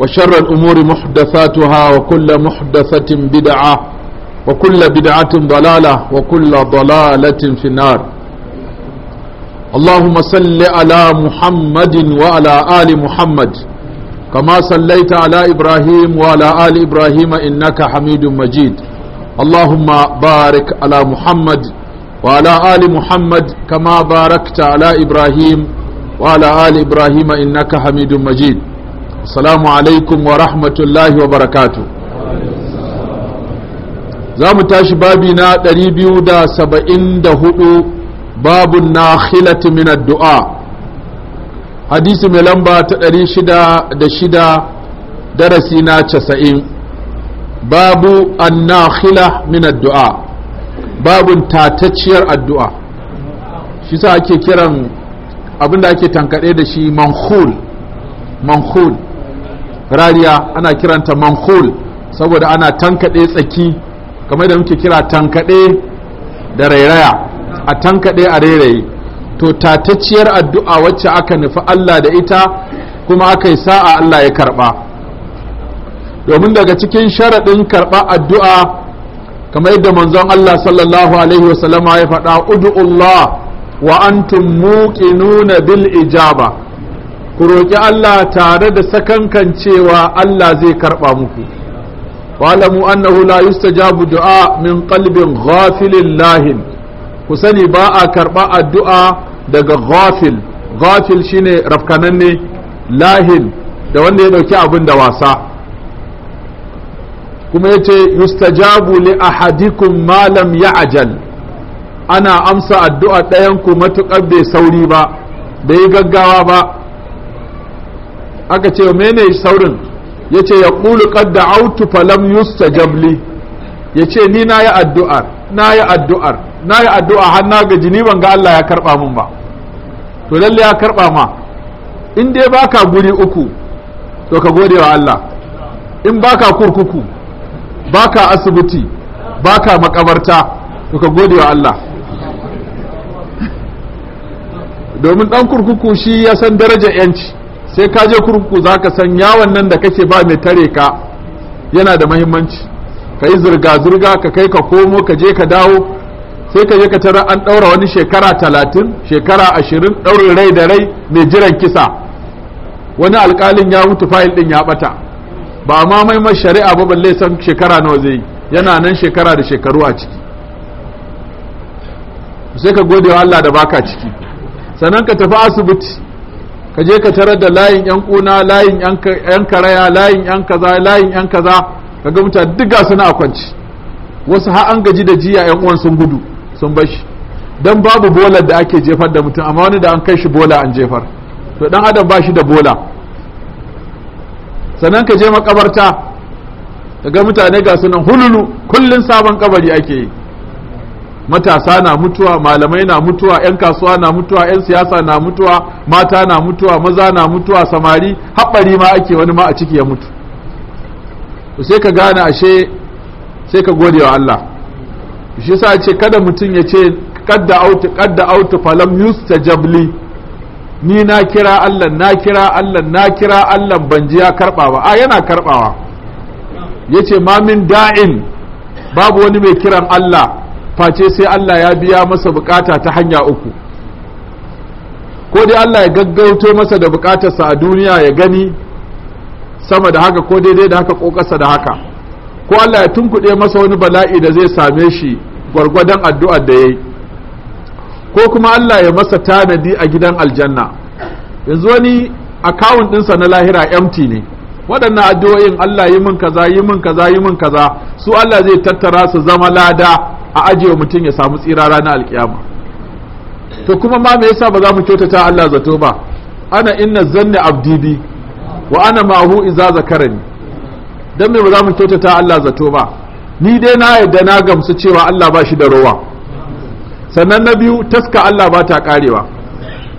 وشر الأمور محدثاتها وكل محدثة بدعة وكل بدعة ضلالة وكل ضلالة في النار اللهم صل على محمد وعلى آل محمد كما صليت على إبراهيم وعلى آل إبراهيم إنك حميد مجيد اللهم بارك على محمد وعلى آل محمد كما باركت على إبراهيم وعلى آل إبراهيم إنك حميد مجيد Salamu alaikum wa rahmatullahi wa barakatu za mu tashi babi na hudu babun na khilati min addu'a hadisi mai lamba ta ɗari da shida darasi na casa'in babu an nakhila min addu'a babun tatacciyar addu'a shi sa ake kiran abinda ake tankaɗe da shi manhul manhul rariya ana kiranta mankul saboda ana tankaɗe tsaki kamar da muke kira tankaɗe da rairaya a tankaɗe a rairaye to tatacciyar addu'a wacce aka nufi Allah da ita kuma aka yi sa'a Allah ya karɓa domin daga cikin sharaɗin karɓa addu'a kamar yadda manzon Allah sallallahu alaihi wasallama ya faɗa udu'ullah wa antum muqinuna bil ijaba ku roƙi Allah tare da sakankan cewa Allah zai karɓa muku walamu annahu la yustajabu du'a min qalbin ghafilin lahin ku sani ba a karɓa addu'a daga ghafil ghafil shine rafkananne lahin da wanda ya ɗauki abin da wasa kuma ya ce yustajabu li ahadikum ma lam ya'jal ana amsa addu'a ɗayanku matuƙar bai sauri ba bai yi gaggawa ba aka ce mene saurin ya ce ya ƙulu ƙadda autu falam yusta jabli ya ce ni na yi addu'ar na yi addu'ar na yi addu'a har na gaji ni ban ga Allah ya karɓa min ba to lalle ya karɓa ma in dai baka guri uku to ka gode wa Allah in baka kurkuku baka asibiti baka makabarta to ka gode wa Allah domin ɗan kurkuku shi ya san darajar 'yanci sai ka je kurkuku za ka san yawon nan da kake ba mai tare ka yana da mahimmanci ka yi zirga-zirga ka kai ka komo ka je ka dawo sai ka je ka tara an ɗaura wani shekara talatin shekara ashirin ɗaurin rai da rai mai jiran kisa wani alƙalin ya mutu fayil ɗin ya ɓata ba ma shari'a ba balle san shekara nawa zai yana nan shekara da shekaru a ciki sai ka gode wa Allah da baka ciki sannan ka tafi asibiti ka je ka tarar da layin yan kuna layin yan karaya layin yan kaza layin yan kaza ka ga mutane duk gasu kwanci wasu har an gaji da jiya yan uwan sun gudu sun bashi dan babu bolar da ake jefar da mutum amma wani da an kai shi bola an jefar to dan adam ba shi da bola sannan ka je makabarta ka ga mutane ga sunan hululu kullun sabon kabari ake yi matasa na mutuwa malamai na mutuwa 'yan kasuwa na mutuwa 'yan siyasa na mutuwa mata na mutuwa maza na mutuwa samari haɓari ma ake wani ma a ciki ya mutu sai ka gane ashe sai ka gode wa Allah shi sa ce kada mutum ya ce kadda auta kadda auta falam yustajabli ni na kira Allah na kira Allah na kira Allah ban ji ya karba ba a yana karbawa yace ma min da'in babu wani mai kiran Allah face sai Allah ya biya masa bukata ta hanya uku ko dai Allah ya gaggauto masa da bukatarsa a duniya ya gani sama da haka ko daidai da haka ko ƙasa da haka ko Allah ya tunkuɗe masa wani bala'i da zai same shi gwargwadon addu'ar da ya ko kuma Allah ya masa tanadi a gidan aljanna yanzu wani akawun ɗinsa na lahira empty ne waɗannan addu'o'in Allah yi min kaza yi min kaza yi min kaza su Allah zai tattara su zama lada a ajiye mutum ya samu tsira rana alkiyama to kuma ma me yasa ba za mu kyautata Allah zato ba ana inna zanni abdibi wa ana mahu iza zakarani dan me ba za mu kyautata Allah zato ba ni dai na yadda na gamsu cewa Allah ba shi da rowa sannan na biyu taska Allah ba ta karewa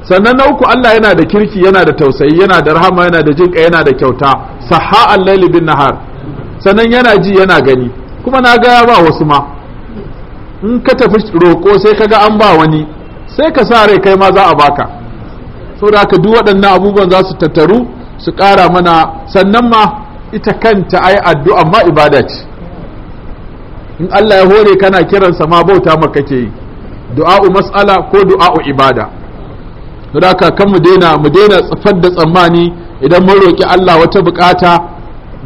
sannan na uku Allah yana da kirki yana da tausayi yana da rahama yana da jinka yana da kyauta saha al-laili bin nahar sannan yana ji yana gani kuma na gaya ba wasu ma in ka tafi roƙo sai ka ga an ba wani sai ka sa rai kai ma za a baka da haka duk waɗannan abubuwan za su tattaru su ƙara mana sannan ma ita kanta ai addu'a ma ibada ce in Allah ya hore kana kiransa ma bauta maka kake yi du'a'u matsala ko du'a'u ibada da haka kan mu daina mu daina tsafar da tsammani idan mun roki Allah wata bukata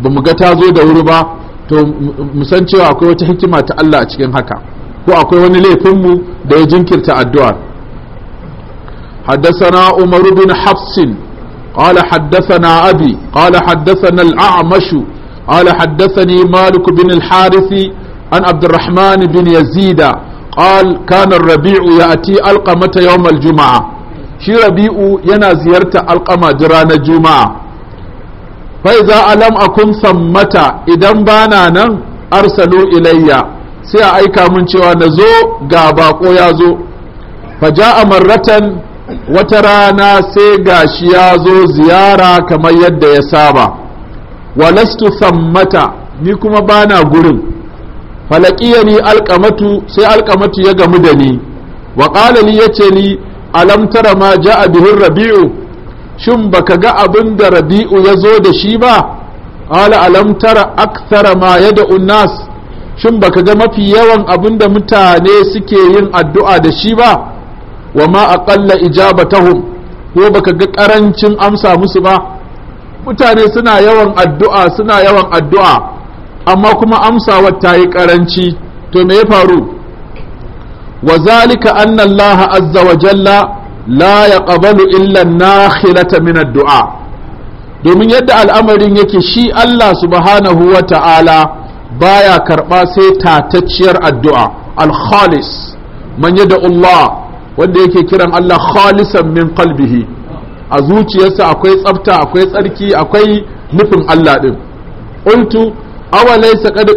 ba mu ga ta zo da wuri ba to mu san cewa akwai wata hikima ta Allah a cikin haka ko akwai wani laifinmu da ya jinkirta addu'ar حدثنا عمر بن حفص قال حدثنا أبي قال حدثنا الأعمش قال حدثني مالك بن الحارث عن عبد الرحمن بن يزيد قال كان الربيع يأتي القمة يوم الجمعة شي ربيع ينا زيارة القمة جران الجمعة فإذا ألم أكن ثمة إذا بانا أرسلوا إليّ sai a aika mun cewa na zo ga bako ya zo a marratan wata rana sai gashi ya zo ziyara kamar yadda ya saba walastu sammata ni kuma bana gurin falakiya ni alkamatu sai alkamatu ya gamu da ni wa ya yace ni alam tara ma a bihi rabi'u shin baka ga abin da rabi'u ya zo da shi ba qala alam tara akthara ma da nas shin baka ga mafi yawan abin da mutane suke yin addu'a da shi ba wa ma aƙalla ijaba tahun? ko baka ga ƙarancin amsa musu ba mutane suna yawan addu'a suna yawan addu'a amma kuma amsawa ta yi ƙaranci to me ya faru wa zalika anna Allah azza wa jalla la ya ƙabalu illan na khilata min addu'a? domin yadda al'amarin yake shi Allah subhanahu wa ta'ala baya karɓa sai tatacciyar addu'a Alkhalis, manya man yada Allah wanda yake kiran Allah khalisan min qalbihi a zuciyarsa akwai tsafta akwai tsarki akwai nufin Allah ɗin. ultu aw laysa qad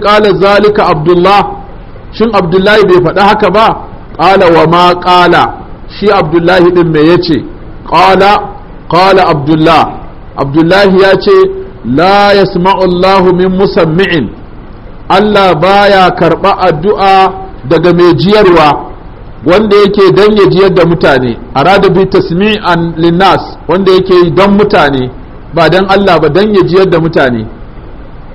zalika abdullah shin abdullahi bai faɗa haka ba Ƙala wa ma ƙala. shi abdullahi ɗin me yace Ƙala, ƙala abdullah abdullahi ce, la yasma'u min musammi'in Allah baya karɓa addu'a daga mai jiyarwa wanda yake don ya jiyar da mutane arada bi tasmi'an linnas wanda yake don mutane ba don Allah ba don ya jiyar da mutane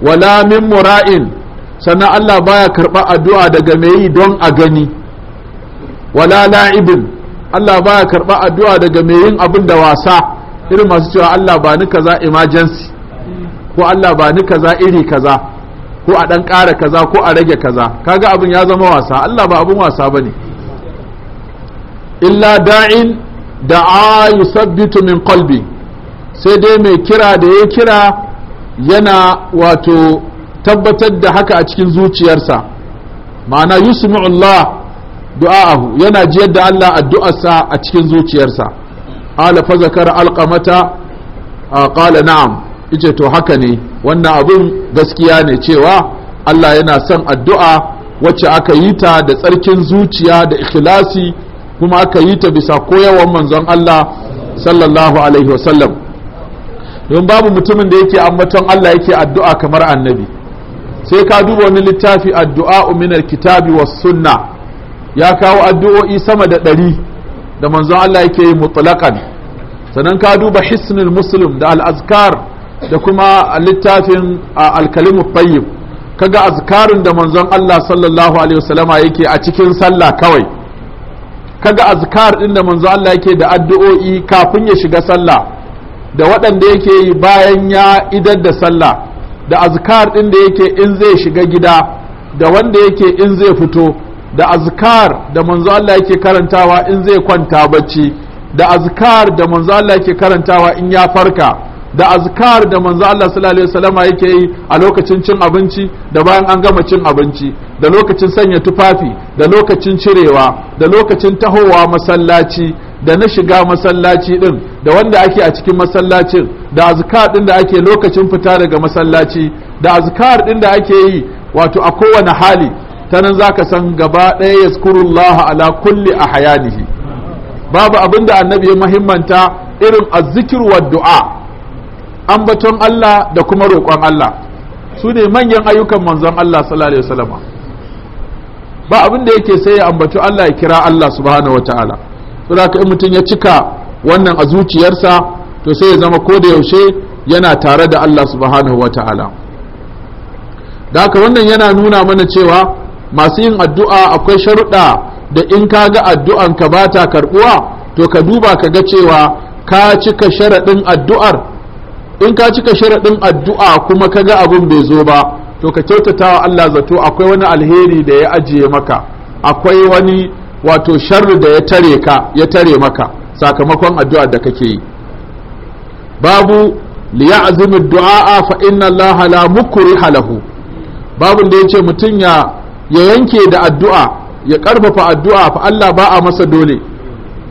wala min mura'in sannan Allah baya karɓa addu'a daga mai yi don a gani wala la'ibin Allah baya karɓa addu'a daga mai yin abin da wasa irin masu cewa Allah ba ni kaza emergency ko Allah ba ni kaza iri kaza ko a ɗan ƙara kaza ko a rage kaza kaga abin ya zama wasa Allah ba abin wasa ba ne. illa da'in da'a yusabbitu min qalbi sai dai mai kira da ya kira yana wato tabbatar da haka a cikin zuciyarsa ma'ana yusmi'u Allah du'a'ahu yana jiyar da Allah addu'arsa a cikin zuciyarsa ala fa zakara alqamata qala na'am ice to haka ne wannan abun gaskiya ne cewa Allah yana son addu'a wacce aka yi ta da tsarkin zuciya da ikhlasi kuma aka yi ta bisa koyarwar manzon Allah sallallahu alaihi wasallam don babu mutumin da yake ambaton Allah yake addu'a kamar annabi sai ka duba wani littafi addu'a uminar kitabi was sunna ya kawo addu'o'i sama da ɗari da manzon Allah yake yi mutlaqan sannan ka duba hisnul muslim da al-azkar da kuma littafin alkalimu tayyib kaga azkarin da manzon Allah sallallahu alaihi wasallama yake a cikin sallah kawai kaga azkar din da manzon Allah yake da addu'o'i kafin ya shiga sallah da waɗanda yake yi bayan ya idar da sallah da azkar din da yake in zai shiga gida da wanda yake in zai fito da azkar da manzo Allah yake karantawa in zai kwanta bacci da azkar da manzo Allah yake karantawa in ya farka da azkar da manzo Allah sallallahu alaihi wasallama yake yi a lokacin cin abinci da bayan an gama cin abinci da lokacin sanya tufafi da lokacin cirewa da lokacin tahowa masallaci da na shiga masallaci din da wanda ake a cikin masallacin da azkar din da ake lokacin fita daga masallaci da azkar din da ake yi wato a kowane hali ta nan zaka san gaba ɗaya yazkurullaha ala kulli ahyanihi babu abin da annabi ya muhimmanta irin azzikir wa du'a ambaton Allah da kuma roƙon Allah su ne manyan ayyukan manzon Allah sallallahu alaihi ba abin da yake sai ya ambaci Allah ya kira Allah subhanahu wataala saboda in mutum ya cika wannan a zuciyarsa to sai ya zama ko da yaushe yana tare da Allah subhanahu wataala da haka wannan yana nuna mana cewa masu yin addu'a akwai sharuɗa da in ka ga addu'an ka ba ta karɓuwa to ka duba ka ga cewa ka cika sharaɗin addu'ar in ka cika sharaɗin addu'a kuma ka ga abin bai zo ba to ka kyautata wa Allah zato akwai wani alheri da ya ajiye maka akwai wani wato sharri da ya tare ka ya tare maka sakamakon addu'a da kake yi babu liya'zimu du'a fa inna Allah la mukriha lahu Babu da yace ce mutum ya yanke da addu'a ya ƙarfafa addu'a fa Allah ba a masa dole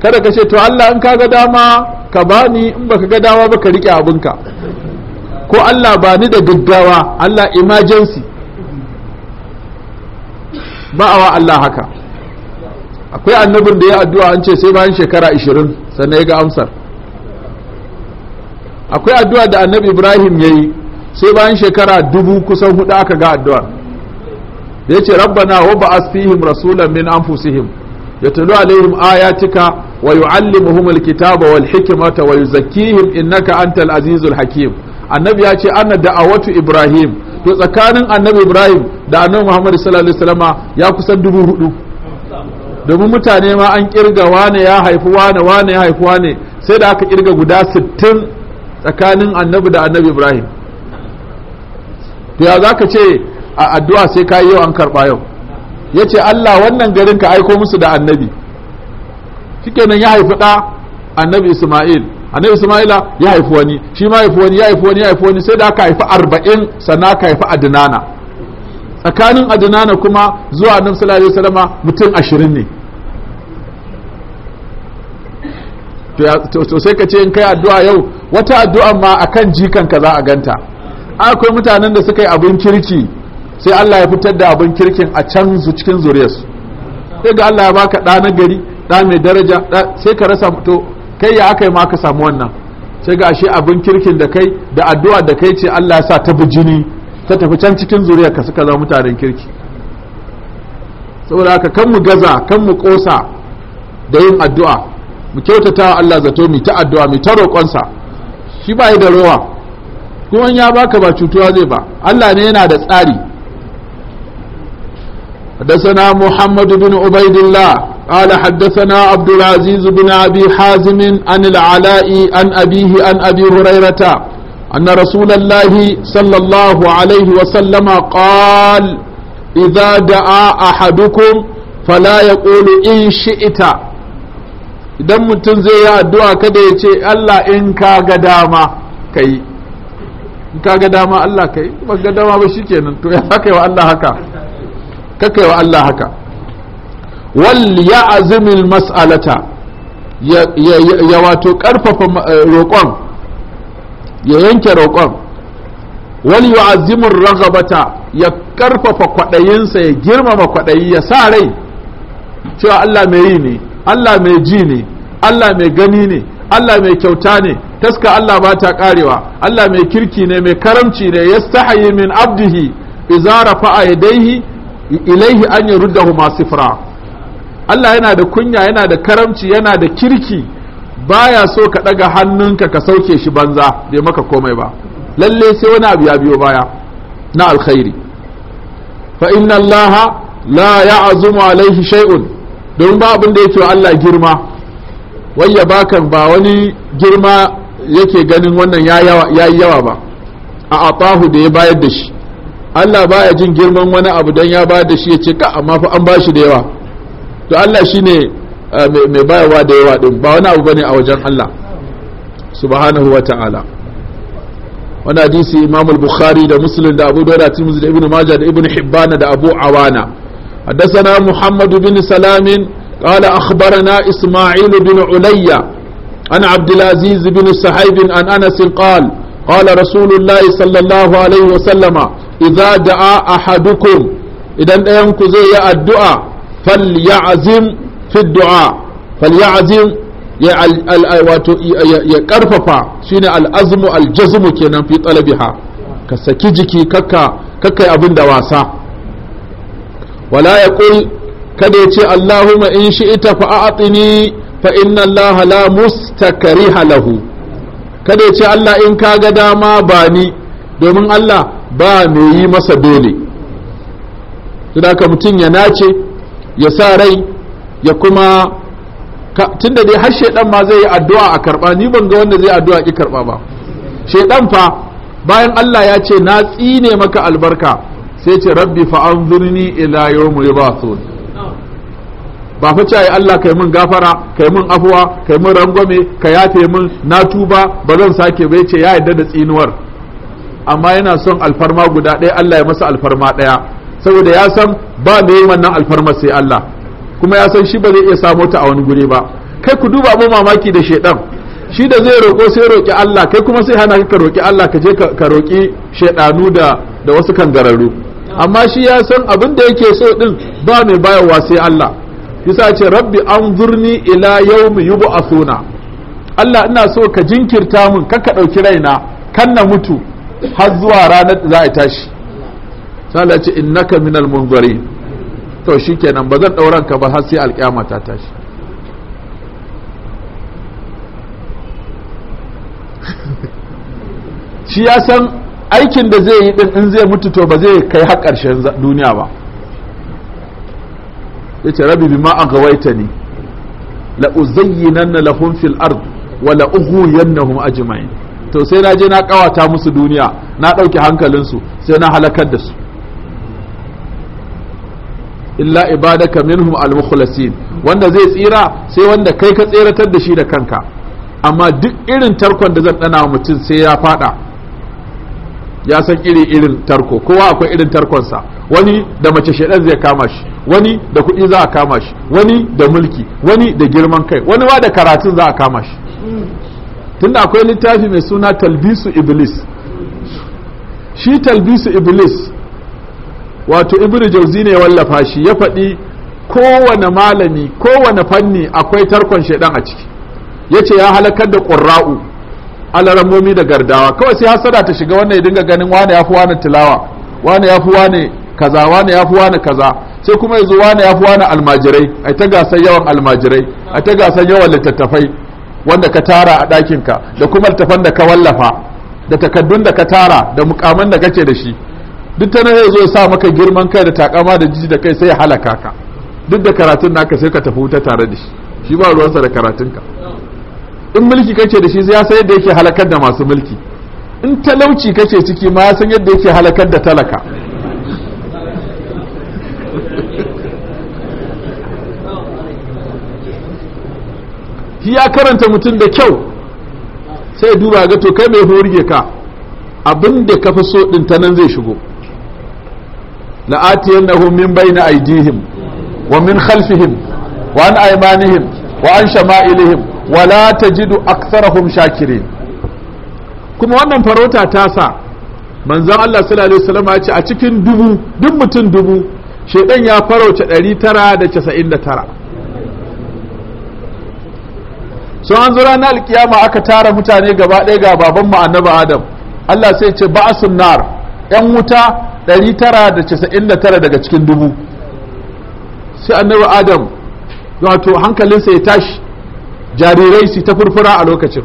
kada ka ce to Allah in ka ga dama ka bani in baka ga dama ba ka rike abinka ko Allah ba ni da gaggawa Allah emergency ba wa Allah haka akwai annabin da ya addu'a an ce sai bayan shekara 20 sannan ya ga amsar akwai addu'a da annabi Ibrahim yayi sai bayan shekara dubu kusan hudu aka ga addu'a da yace rabbana wa ba'as fihim rasulan min anfusihim yatlu alaihim ayatika wa الكتاب والحكمة wal hikmata wa العزيز الحكيم النبي azizul hakim annabi ya ce anna da'awatu ibrahim to tsakanin annabi ibrahim da annabi muhammad sallallahu alaihi ya kusan dubu hudu domin mutane ma an kirga wane ya haifi wane wane ya haifi wane sai da aka kirga guda 60 tsakanin annabi da annabi ibrahim to ya zaka ce a addu'a sai ka yi yau an karba yau yace Allah wannan garin ka aiko musu da annabi shikenan ya haifi ɗa annabi isma'il annabi isma'ila ya haifi wani shi ma haifi wani ya haifi wani ya haifi wani sai da aka haifi arba'in sannan aka haifi adinana tsakanin adinana kuma zuwa annabi sallallahu alaihi wasallama mutum ashirin ne to sai ka ce in kai addu'a yau wata addu'a ma akan jikan ka za a ganta akwai mutanen da suka yi abin kirki sai Allah ya fitar da abin kirkin a can cikin zuriyarsu sai ga Allah ya baka ɗa na gari da mai daraja sai ka rasa to kai ya aka yi ma ka samu wannan sai ga shi abin kirkin da kai da addu'a da kai ce Allah ya sa ta bijini ta tafi can cikin ka suka zama mutanen kirki saboda haka kan mu gaza kan mu kosa da yin addu'a mu kyautata wa Allah zato mu ta addu'a mu ta roƙonsa shi ba da rowa kuma ya baka ba cutuwa zai ba Allah ne yana da tsari حدثنا محمد بن عبيد الله قال حدثنا عبد العزيز بن أبي حازم عن العلاء عن أبيه عن أبي هريرة أن رسول الله صلى الله عليه وسلم قال إذا دعا أحدكم فلا يقول إن شئت idan mutum zai yi addu'a kada ya ce Allah in ka ga dama yi, in ka ga dama Allah yi. ba ga dama ba kenan, to ya haka wa Allah haka kaka wa Allah haka wal azumin mas'alata ya wato karfafa roƙon ya yanke roƙon wal yu'azzimur raghabata ya ƙarfafa kwaɗayinsa ya girmama kwaɗayi ya sa rai cewa Allah mai yi ne Allah mai ji ne Allah mai gani ne Allah mai kyauta ne taska Allah ba ta karewa Allah mai kirki ne mai karamci ne yastahi min abdihi idza rafa'a yadayhi ilaihi an yurdahu ma sifra Allah yana da kunya yana da karamci yana da kirki baya so ka ɗaga hannunka ka sauke shi banza bai maka komai ba lalle sai wani abu ya biyo baya na alkhairi fa inna allaha la ya'zumu alaihi shay'un don ba abin da yake wa Allah girma wayya baka ba wani girma yake ganin wannan yayi yawa ba a atahu da ya bayar da shi Allah baya jin girman wani abu dan ya bayar da shi ya ka amma fa an bashi da yawa to Allah shine uh, mai bayarwa da yawa din ba wani abu bane a wajen Allah subhanahu wa ta'ala wani hadisi imam al-bukhari da muslim da abu dawud da da ibnu majah da ibnu hibban da abu awana حدثنا محمد bin سلام قال أخبرنا إسماعيل بن علي عن عبد العزيز بن سحيب عن أنس قال قال رسول الله صلى الله عليه وسلم إذا دعا أحدكم إذا أنكم زي الدعاء falyazim fi ya wato ya ƙarfafa shine al'azmu aljazmu kenan fi talabiha ka saki jiki kakka kakkai abin da wasa wala ya kul kada ya ce allahumma in shi'ita fa a'tini fa inna allaha la mustakriha lahu kada ya ce allah in kaga dama ba ni domin allah ba mai yi masa dole saboda mutum ya nace ya sa rai ya kuma tunda dai har shaidan ma zai yi addu'a a karba ni ban ga wanda zai addu'a ki karba ba shaidan fa bayan Allah ya ce na tsine maka albarka sai ce rabbi fa anzurni ila yawm yubathun ba fa ce Allah kai mun gafara kai mun afuwa kai mun rangwame ka yafe mun na tuba ba zan sake ba ce ya yarda da tsinuwar amma yana son alfarma guda ɗaya Allah ya masa alfarma ɗaya saboda ya san ba mai yi wannan alfarmar sai Allah kuma ya san shi ba zai iya samo ta a wani guri ba kai ku duba abu mamaki da shedan shi da zai roƙo sai roƙi Allah kai kuma sai hana ka roƙi Allah ka je ka roƙi shedanu da da wasu kangararru amma shi ya san abin da yake so din ba mai bayarwa sai Allah yasa ce rabbi anzurni ila yawmi yub'athuna Allah ina so ka jinkirta mun kar ka dauki raina kan na mutu har zuwa ranar da za a tashi sala ce innaka minal munzari to shikenan ba zan dauran ka ba har sai alƙiyama ta tashi shi ya san aikin da zai yi din in zai mutu to ba zai kai har ƙarshen duniya ba yace rabbi bima ne. la na lahum fil ard wa la ughwiyannahum ajma'in to sai na je na kawata musu duniya na ɗauki hankalinsu sai na halakar da su illa ibadaka minhum al-mukhlasin wanda zai tsira sai wanda kai ka tseratar da shi da kanka amma duk irin tarkon da zan dana mutum sai ya fada ya san iri irin tarko kowa akwai irin tarkonsa wani da mace shaɗan zai kama shi wani da kuɗi za a kama shi wani da mulki wani da girman kai wani ma da karatun za a kama shi tunda akwai littafi mai suna talbisu iblis shi talbisu iblis wato ibnu jauzi ne ya wallafa shi ya faɗi kowane malami kowane fanni akwai tarkon shaidan a ciki yace ya halakar da qurra'u alaramomi da gardawa kawai sai hasada ta shiga wannan ya dinga ganin wane yafi wane tilawa wane yafi wane kaza wane wane kaza sai kuma yazo wane yafi wane almajirai ai ta gasar yawan almajirai ai ta gasar yawan littattafai wanda ka tara a ɗakinka da kuma littattafan da ka wallafa da takaddun da ka tara da mukaman da kake da shi duk ta nan zo ya sa maka girman kai da takama da jiji da kai sai ya halaka ka duk da karatun naka sai ka tafi wuta tare da shi shi ba ruwansa da karatunka in mulki kake da shi ya san yadda yake halakar da masu mulki in talauci kake ciki ma ya san yadda yake halakar da talaka shi ya karanta mutum da kyau sai duba ga to kai mai horge ka abin da ka fi so ɗin ta nan zai shigo la'atiyannahum min bayni aydihim wa min khalfihim wa an aymanihim wa an shama'ilihim wa la tajidu aktharahum shakirin kuma wannan farauta ta sa manzon Allah sallallahu alaihi wasallam ya ce a cikin dubu duk mutum dubu shedan ya farauta 999 sun an zura na alkiyama aka tara mutane gaba ɗaya ga baban mu annabi adam Allah sai ce ba'asun nar yan wuta tara da da casa'in tara daga cikin dubu sai annabi adam wato hankalinsa ya tashi jarirai su ta furfura a lokacin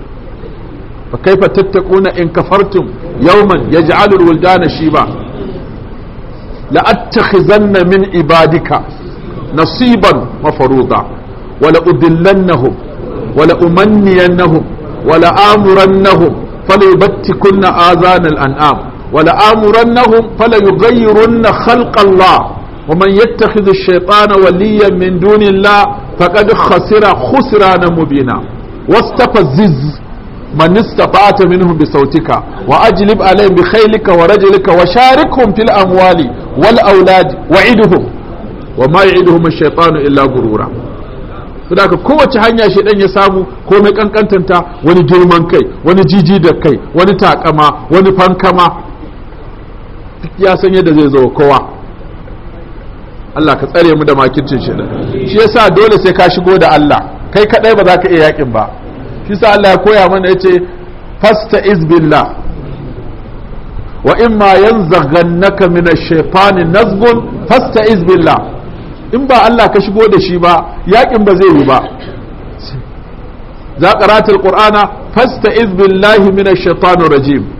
fa kaifa tattaquna in kafartum yawman yaj'alu al-wildana shiba la attakhizanna min ibadika nasiban mafruḍa wa la udillannahum nahu, la umanniyannahum wa la amurannahum falyubtikunna azan al-an'am wala amurannahum fala yughayyirunna khalqa Allah wa man yattakhidhu ash-shaytana waliyan min dunillah faqad khasira mubina wastafziz من استطعت منهم بصوتك وأجلب عليهم بخيلك ورجلك وشاركهم في الأموال والأولاد وعدهم وما يعدهم الشيطان إلا غرورا saboda kowace hanya shi dan ya samu komai kankantanta wani girman kai wani jiji da kai wani takama wani fankama ya san yadda zai zo kowa Allah ka tsare mu da makincin shi shi yasa dole sai ka shigo da Allah kai kadai ba za ka iya yakin ba shi yasa Allah ya koya mana yace iz billah wa imma yanzaghannaka min ash-shaytani nazghun iz billah in ba Allah ka shigo da shi ba yakin ba zai yi ba za qaratul qur'ana iz billahi min ash-shaytanir rajim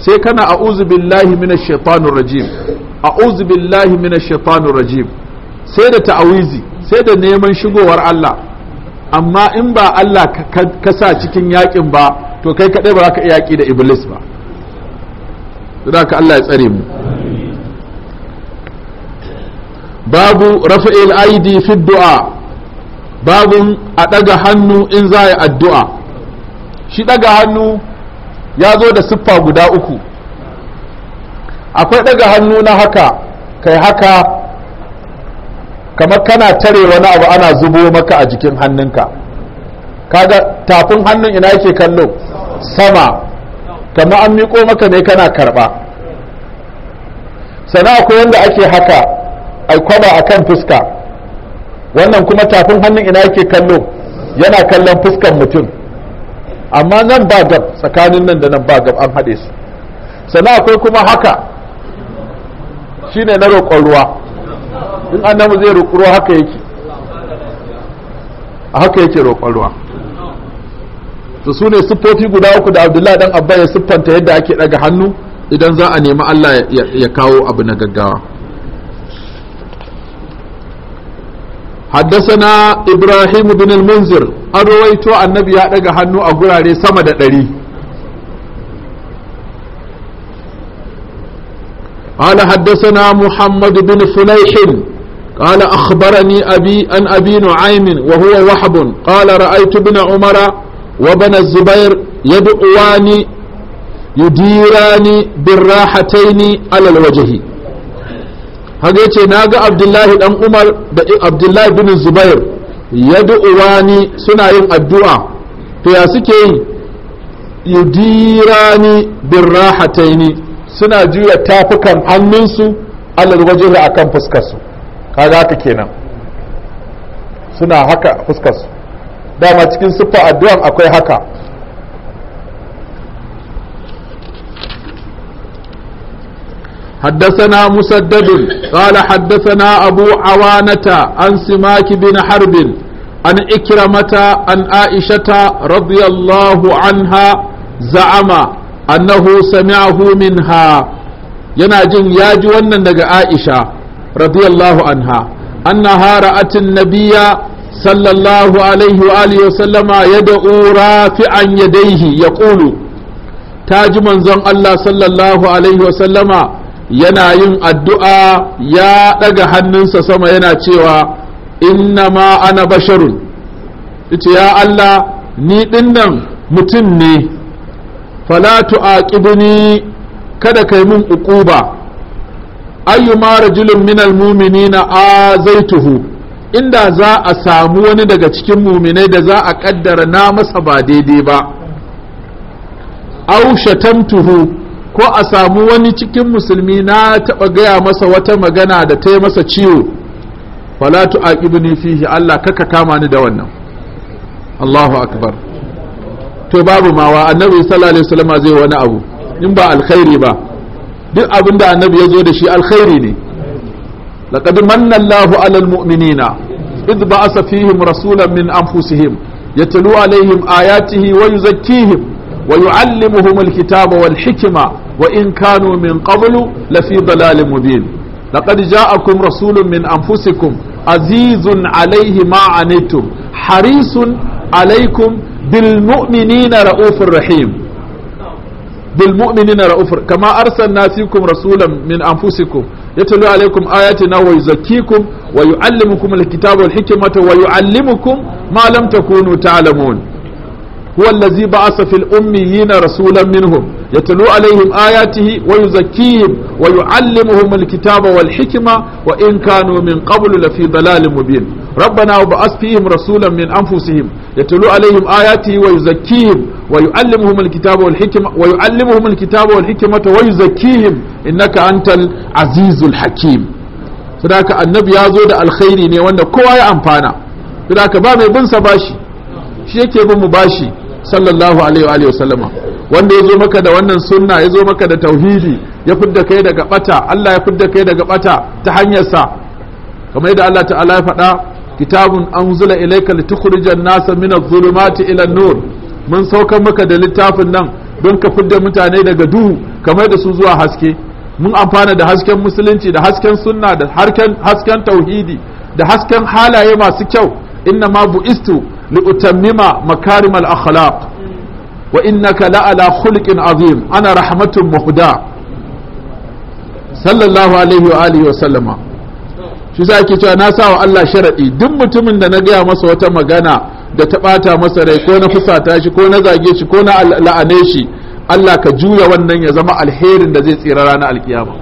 sai kana a'udhu billahi minash shaitanir rajim a'udhu billahi minash shaitanir rajim sai da ta'awizi sai da neman shigowar Allah amma in ba Allah ka sa cikin yaƙin ba to kai kadai ba za ka yaki da iblis ba da ka Allah ya tsare mu babu rafa'il aidi fi du'a babun a ɗaga hannu in za a addu'a shi ɗaga hannu ya zo da siffa guda uku akwai ɗaga hannu na haka kai haka kamar kana tare wani abu ana zubo maka a jikin hannunka kaga tafin hannun ina yake kallo sama kamar an miko maka ne kana karɓa sana akwai wanda ake haka aikwaba a kan fuska wannan kuma tafin hannun ina yake kallo yana kallon fuskan mutum amma nan ba gab tsakanin nan da nan ba gab an haɗe su sannan akwai kuma haka shine na roƙon ruwa in namu zai roƙon ruwa haka yake a haka yake roƙon ruwa to su ne siffofi guda uku da abdullahi dan abba ya siffanta yadda ake ɗaga hannu idan za a nemi allah ya kawo abu na gaggawa حدثنا إبراهيم بن المنذر أرويت النبي يا حنو a gurare sama da ɗari. قال حدثنا محمد بن فليح قال أخبرني أبي أن أبي نعيم وهو وحب قال رأيت ابن عمر وابن الزبير يدعوان يديراني بالراحتين على الوجه haka ce na ga abdullahi dan umar da abdullahi bin zubair ya ni suna yin addu'a to ya suke yi yudirani birrahataini suna juya tafukan hannunsu alal a akan fuskarsu kaga haka kenan suna haka fuskarsu dama cikin siffa addu'an akwai haka حدثنا مسدد قال حدثنا أبو عوانة عن سماك بن حرب عن إكرمة عن عائشة رضي الله عنها زعم أنه سمعه منها يناجن ياجون نجا عائشة رضي الله عنها أنها رأت النبي صلى الله عليه وآله وسلم يدعو رافعا يديه يقول تاج منزon Allah sallallahu Alaihi wasallama yana yin addu'a ya ɗaga hannunsa sama yana cewa inna ma ana basharun ita ya Allah ni dinnan mutum ne falatu a ƙibini kada kai mun uquba ayyuma rajulun minal mu'minina tuhu. inda za a samu wani daga cikin muminai da za a ƙaddara na masa ba daidai ba au tuhu. ko a samu wani cikin musulmi na taɓa gaya masa wata magana da ta yi masa ciwo fala tu'aqibni fihi Allah kaka kama ni da wannan Allahu akbar to babu mawa annabi sallallahu alaihi zai wani abu in ba alkhairi ba duk abin da annabi ya zo da shi alkhairi ne laqad manna Allahu 'alal mu'minina idh ba'asa fihim rasulan min anfusihim yatlu alaihim ayatihi wa yuzakkihim ويعلمهم الكتاب hikima. wa in kanu min qablu la fi dalalin mubin laqad ja'akum rasulun min anfusikum azizun alayhi ma anittum harisun alaykum bil mu'minina raufur rahim bil mu'minina raufur kama arsalna fikum rasulan min anfusikum يتلو عليكم آياتنا ويزكيكم ويعلمكم الكتاب والحكمة ويعلمكم ما لم تكونوا تعلمون huwa allazi ba'asa fil ummiyina rasulan minhum yatlu alaihim ayatihi wa yuzakkihim wa yuallimuhum alkitaba wal hikma wa in kanu min qablu lafi dalalin mubin ربنا وبعث فيهم رسولا من أنفسهم يتلو عليهم آياته ويزكيهم ويعلمهم الكتاب والحكمة ويعلمهم الكتاب والحكمة ويزكيهم إنك أنت العزيز الحكيم فذاك النبي يزود الخير ني وانا كوا يا أمفانا فذاك بامي بن سباشي shi yake bin mu bashi sallallahu alaihi wa sallama wanda ya zo maka da wannan sunna ya zo maka da tauhidi ya fidda kai daga bata Allah ya fidda kai daga bata ta hanyarsa kamar yadda Allah ta'ala ya faɗa kitabun anzula ilayka litukhrijan nasa min adh-dhulumati ila an-nur mun saukar maka da littafin nan don ka fidda mutane daga duhu kamar da su zuwa haske mun amfana da hasken musulunci da hasken sunna da hasken tauhidi da hasken halaye masu kyau inna ma bu'istu li'utammima makarimal akhlaq wa innaka la'ala khuluqin azim ana rahmatun muhda sallallahu alaihi wa alihi wa shi sa cewa na sa wa Allah sharaɗi duk mutumin da na gaya masa wata magana da ta ɓata masa rai ko na fusata shi ko na zage shi ko na la'ane shi Allah ka juya wannan ya zama alherin da zai tsira ranar alkiyama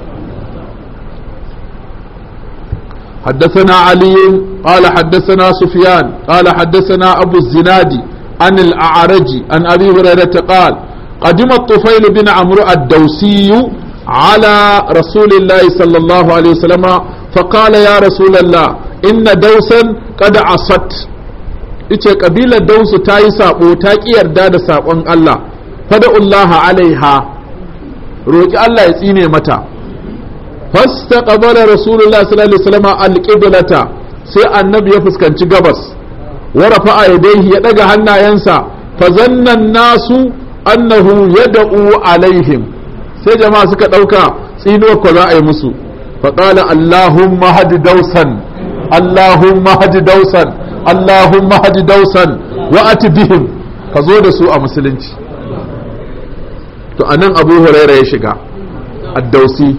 na aliyu قال حدثنا سفيان قال حدثنا أبو الزناد عن الأعرج عن أبي هريرة قال قدم الطفيل بن عمرو الدوسي على رسول الله صلى الله عليه وسلم فقال يا رسول الله إن دوسا قد عصت ice ƙabilar dausu ta yi saɓo ta ƙi yarda da saƙon Allah fada'ullaha alaiha roƙi Allah ya tsine mata fasta qabala rasulullah sallallahu alaihi wasallam alqiblata sai annabi ya fuskanci gabas Wara fa'a yadayhi ya daga hannayensa fa zannan nasu annahu yad'u alaihim sai jama'a suka dauka tsino ko za a yi musu fa qala allahumma hadi dausan allahumma hadi dausan allahumma hadi dausan wa ati bihim ka zo da su a musulunci to anan abu huraira ya shiga addausi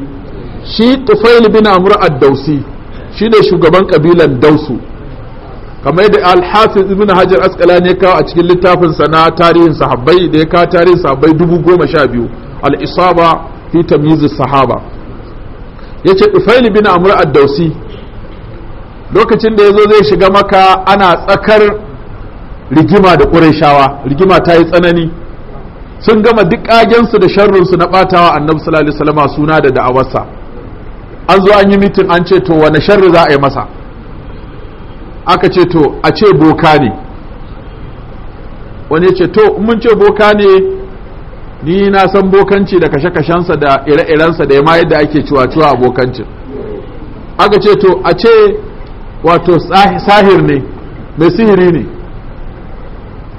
shi tufail bin amr addausi Shi ne shugaban kabilan dausu kamar yadda alhafiz ibn hajar asqalani ya kawo a cikin littafin na tarihin sahabbai da ya kawo tarihin sahabbai dubu goma sha biyu al-isaba fi tamizu sahaba ce, ufail bin Amur Addausi. lokacin da ya zo zai shiga maka ana tsakar rigima da ƙurashawa. rigima ta yi tsanani sun gama duk ƙagensu da sharrinsu na ɓatawa annabi sallallahu alaihi wasallam suna da da'awarsa an zo an yi mitin an ce to wane sharri za a yi masa aka ce to a ce boka ne wani ya ce to mun ce boka ne ni na san bokanci da kashe-kashensa da ire-irensa da ya ma yadda ake ciwa-ciwa a bokancin aka ce to a ce wato sahir ne mai sihiri ne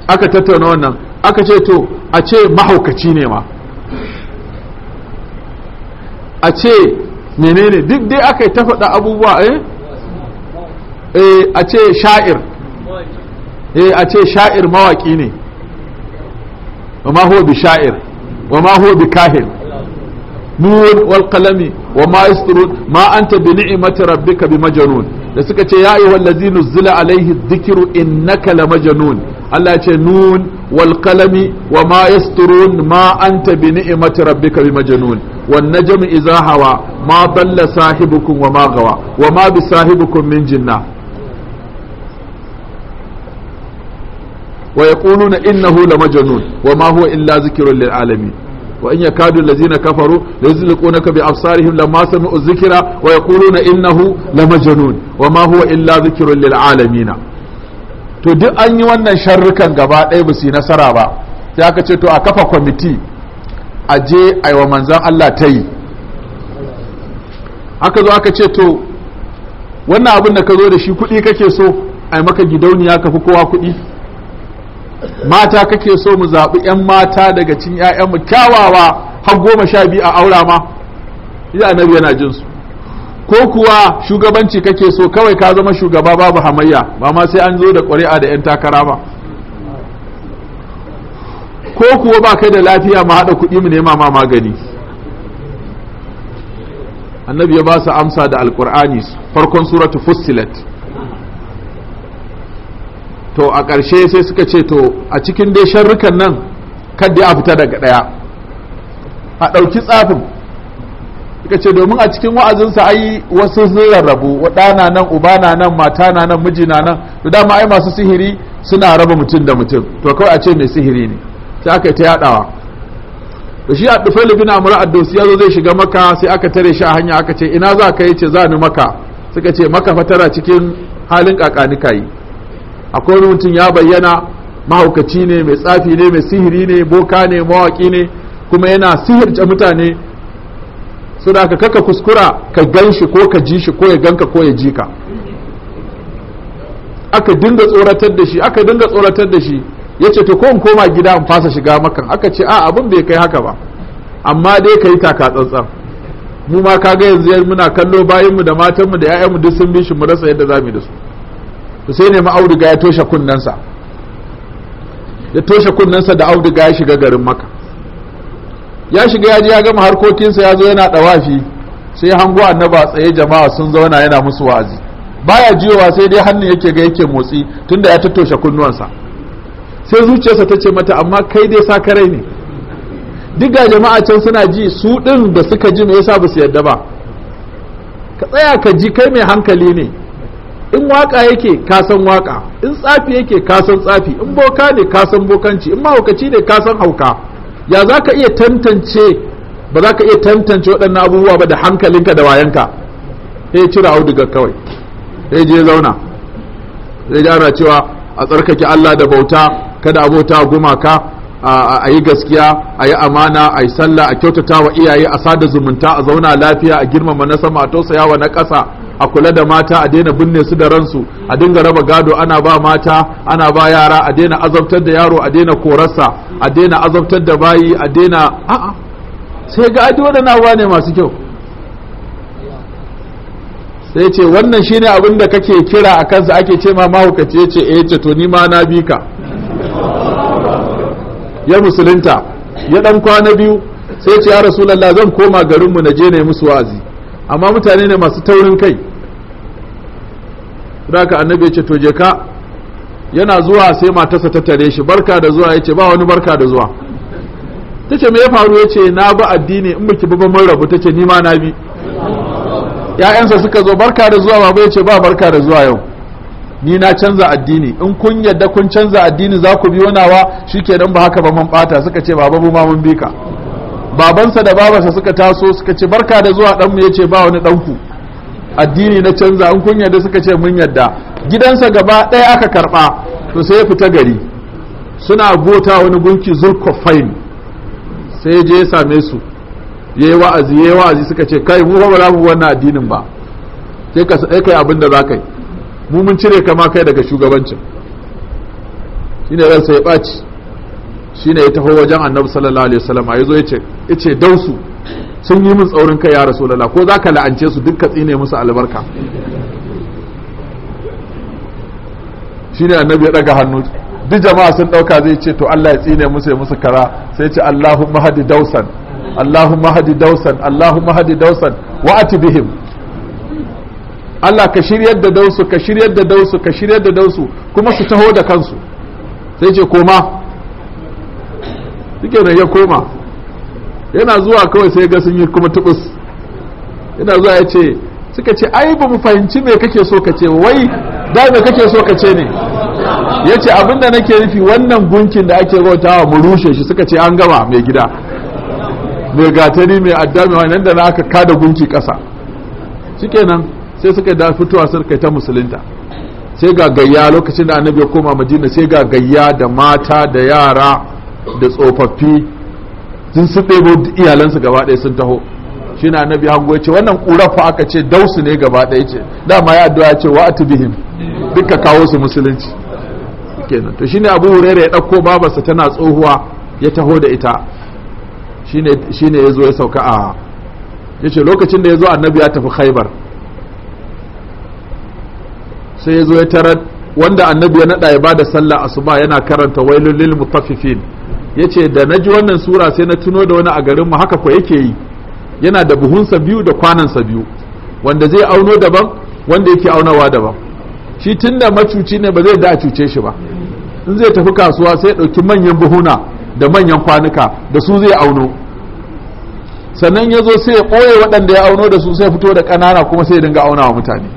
aka tattauna wannan aka ce to a ce mahaukaci ne ma a ce menene duk dai aka yi ta faɗa abubuwa eh? eh a ce sha'ir eh a ce sha'ir mawaƙi ne wa ma huwa bi sha'ir wa ma huwa bi kahin nur wal qalami wa ma yasturun ma anta bi ni'mati rabbika bi majnun da suka ce ya ayyuhal ladzina zila alaihi dhikru innaka la majnun Allah ce nun wal qalami wa ma yasturun ma anta bi ni'mati rabbika bi majnun wan najmi idha hawa ma dalla sahibukum wa ma gawa wa ma bi sahibukum min jinna wa yaquluna innahu la majnun wa ma huwa illa zikrun lil alamin وإن يكاد الذين كفروا ليزلقونك بأبصارهم لما سمعوا الذكر ويقولون إنه لمجنون وما هو إلا ذكر للعالمين to duk an yi wannan sharrukan gaba ɗaya ba su yi nasara ba sai aka ce to a kafa kwamiti a je a yi wa manzan Allah ta yi aka zo aka ce to wannan abin da ka zo da shi kuɗi kake so a yi maka gidauniya ka fi kowa kuɗi mata kake so mu zaɓi 'yan mata daga cin 'ya'yanmu kyawawa har goma sha biyu a aura ma iya annabi yana jinsu ko kuwa shugabanci kake so kawai ka zama shugaba babu hamayya ba ma sai an zo da ƙuri'a da 'yan takara ba ko kuwa ba kai da lafiya ma haɗa kuɗi mu nema ma magani annabi ya ba su amsa da alƙur'ani farkon suratu fussilat to a ƙarshe sai suka ce to a cikin dai sharrukan nan kadda ya fita daga ɗaya a ɗauki tsafin suka ce domin a cikin wa'azinsa ai wasu sun rarrabu waɗana nan uba na nan mata na nan miji na nan to dama ai masu sihiri suna raba mutum da mutum to kawai a ce mai sihiri ne sai aka yi ta yaɗawa. da shi Abdul bin Amr addosi ya zo zai shiga maka sai aka tare shi a hanya aka ce ina za ka yi ce za ni maka suka ce maka fa cikin halin kakani yi akwai mutum ya bayyana mahaukaci ne mai tsafi ne mai sihiri ne boka ne mawaƙi ne kuma yana sihirce mutane so da ka kuskura ka gan shi ko ka ji shi ko ya ganka ko ya ji ka aka dinga tsoratar da shi aka dinga tsoratar da shi ya ce to ko in koma gida in fasa shiga makan aka ce a abin bai kai haka ba amma dai ka yi taka tsantsan mu ma ka ga yanzu muna kallo bayanmu da matanmu da 'ya'yanmu duk sun bi shi mu rasa yadda za mu yi da su to sai ne ma'auduga ya toshe kunnensa ya toshe kunnensa da auduga ya shiga garin maka ya shiga ya je ya gama harkokinsa ya zo yana dawafi sai hango annaba tsaye jama'a sun zauna yana musu wa'azi baya jiyowa sai dai hannun yake ga yake motsi tunda ya tattoshe kunnuwansa sai zuciyarsa ta ce mata amma kai dai sakarai ne duk ga jama'a can suna ji su ɗin da suka ji me yasa ba su yadda ba ka tsaya ka ji kai mai hankali ne in waka yake ka san waka in tsafi yake ka san tsafi in boka ne ka san bokanci in mahaukaci ne ka san hauka ya za ka iya tantance ba za ka iya tantance waɗannan abubuwa ba da hankalinka da wayanka sai cire auduga kawai sai je zauna sai ana cewa a tsarkake Allah da bauta kada abota gumaka a yi gaskiya a yi amana a yi sallah a kyautata wa iyaye a sada zumunta a zauna lafiya a girmama na sama a tausaya wa na ƙasa a kula da mata a daina binne su da ransu a dinga raba gado ana ba mata ana ba yara a daina azabtar da yaro a daina korarsa a daina azabtar da bayi a daina a'a sai ga adi waɗannan ne masu kyau sai ce wannan shine abin da kake kira a kansa ake ce ma mahaukaci ya ce eh to ni ma na bi ya musulunta ya dan kwana biyu sai ce ya rasulullah zan koma garinmu na je ne musu wa'azi amma mutane ne masu taurin kai daga annabi ya ce to je ka yana zuwa sai matarsa ta tare shi barka da zuwa ya ba wani barka da zuwa ta ce me ya faru yace na ba addini in baki babban mun rabu ta ce ni ma na bi ya'yansa suka zo barka da zuwa babu ya ba barka da zuwa yau ni na canza addini in kun yadda kun canza addini za ku biyo nawa shikenan ba haka ba mun bata suka ce baba mu ma mun bi ka babansa da babarsa suka taso suka ce barka da zuwa danmu ya ce ba wani danku addini na canza in kun yarda suka ce mun yarda gidansa gaba ɗaya aka karɓa to sai ya fita gari suna gota wani gunki zulkofain sai je ya same su ya yi wa'azi ya yi wa'azi suka ce kai mu ba mu wannan addinin ba sai ka sai kai abin da za ka yi mu mun cire kama kai daga shugabancin shine ransa ya ɓaci shine ya taho wajen annabi sallallahu alaihi wasallam ya zo ya ce dausu sun yi min tsaurin kai ya rasulullah ko za ka la'ance su duk tsine musu albarka ne annabi ya daga hannu duk jama'a sun dauka zai ce to Allah ya tsine musu ya musu kara sai ce Allahumma hadi dausan Allahumma hadi dausan Allahumma hadi dausan wa ati bihim Allah ka shiryar da dausu ka shiryar da dausu ka shiryar da dausu kuma su taho da kansu sai ce koma suke ya koma yana zuwa kawai sai ga sun yi kuma tubus yana zuwa ya ce suka ce ai ba mu fahimci me kake so ka ce wai da me kake so ka ce ne ya ce abinda nake nufi wannan gunkin da ake bautawa mu rushe shi suka ce an gama mai gida mai gatari mai adda mai wani da na aka kada gunki ƙasa shikenan sai suka da fitowa kai ta musulunta sai ga gayya lokacin da annabi ya koma madina sai ga gayya da mata da yara da tsofaffi sun su ɗebo iyalansu gaba ɗaya sun taho shi na annabi hango ce wannan ƙurafa fa aka ce dausu ne gaba ɗaya ce dama ya addu'a ya ce wa bihim duka kawo su musulunci kenan to shine abu hurairah ya ɗauko babarsa tana tsohuwa ya taho da ita shine shine ya zo ya sauka a yace lokacin da ya zo annabi ya tafi khaibar sai ya zo ya tarar wanda annabi ya naɗa ya ba da sallah asuba yana karanta wailul lil mutaffifin yace da na ji wannan sura sai na tuno da wani a garinmu haka ko yake yi yana da buhunsa biyu da kwanansa biyu wanda zai auno daban wanda yake aunawa daban shi tun da macuci ne ba zai da a cuce shi ba in zai tafi kasuwa sai ɗauki manyan buhuna da manyan kwanuka da su zai auno sannan ya zo sai ya ɓoye waɗanda ya auno da su sai fito da ƙanana kuma sai ya dinga auna wa mutane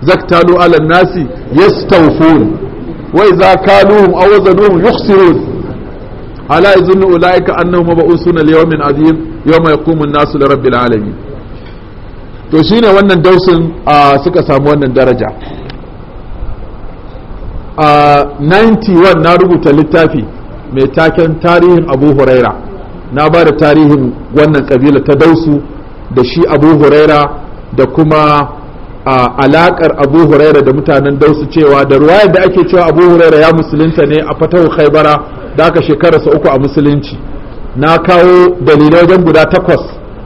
zaktalu ala nasi yastawfun وإذا كالوهم أو وزنوهم يخسرون ألا يظن أولئك أنهم مبعوثون ليوم عظيم يوم يقوم الناس لرب العالمين to shine wannan dausin suka samu wannan daraja a 91 na rubuta littafi mai taken tarihin abu huraira na ba da tarihin wannan kabila ta dausu da shi abu huraira da kuma a alakar abu huraira da mutanen dausu cewa da ruwayar da ake cewa abu huraira ya musulunta ne a fatahu khaibara da aka shekararsa uku a musulunci na kawo dalilai wajen guda takwas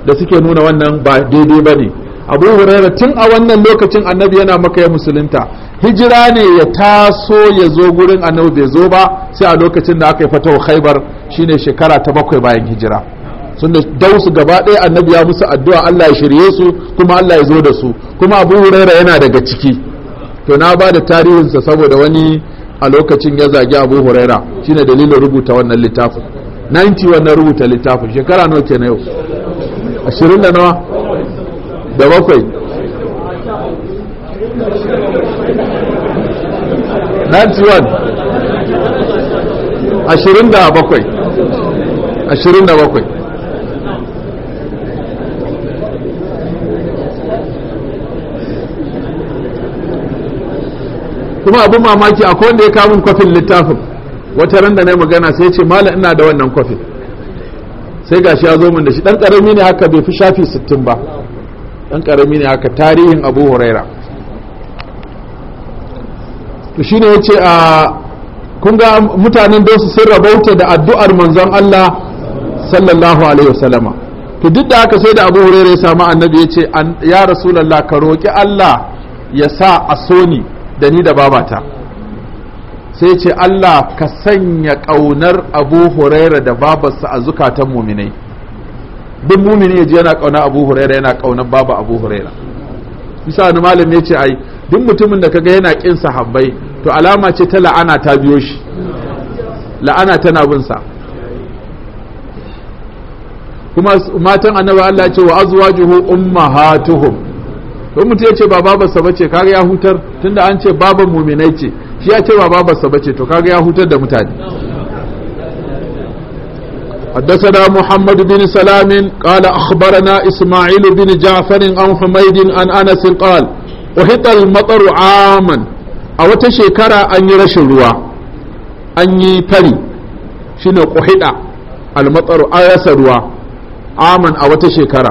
da suke nuna wannan ba daidai ba ne abu huraira tun a wannan lokacin annabi yana maka ya musulunta hijira ne ya taso ya zo gurin annabi bai zo ba sai a lokacin da aka yi fatahu khaibar shine shekara ta bakwai bayan hijira sun da dausu gaba ɗaya annabi ya musu addu'a Allah ya shirye su kuma Allah ya zo da su kuma abu huraira yana daga ciki to na ba da tarihinsa saboda wani a lokacin ya zagi abu huraira shine dalilin rubuta wannan littafin 90 wannan rubuta littafin shekara nawa ke na yau ashirin da nawa da bakwai ashirin da bakwai ashirin da bakwai kuma abin mamaki akwai wanda ya kamun kwafin littafin wata ran da na magana sai ce mala ina da wannan kwafin sai gashi ya zo min da shi dan karami ne haka bai fi shafi sittin ba dan karami ne haka tarihin Abu Huraira to shine ce a kun ga mutanen da su sun rabauta da addu'ar manzon Allah sallallahu alaihi wasallama to duk da haka sai da Abu Huraira ya samu annabi ya ce ya Rasulullah ka roki Allah ya sa a soni da ni da babata sai ce Allah ka sanya ƙaunar abu huraira da babarsa a zukatan muminai duk mumini ya ji yana ƙaunar abu huraira yana ƙaunar baba abu huraira bisa wani malam ya ce ai duk mutumin da kaga yana ƙin sahabbai to alama ce ta la'ana ta biyo shi la'ana tana bin sa kuma matan annabi Allah ya ce wa azwajuhu ummahatuhum to mutum ya ce ba babarsa bace kaga ya hutar tunda an ce baban muminai ce shi ya ce ba babarsa bace to kaga ya hutar da mutane حدثنا محمد بن سلام قال أخبرنا إسماعيل بن جعفر عن حميد عن أنس قال وحط المطر عاما أو تشكر أن يرش الروا أن يتري شنو قحط المطر ruwa الروا عاما أو تشكر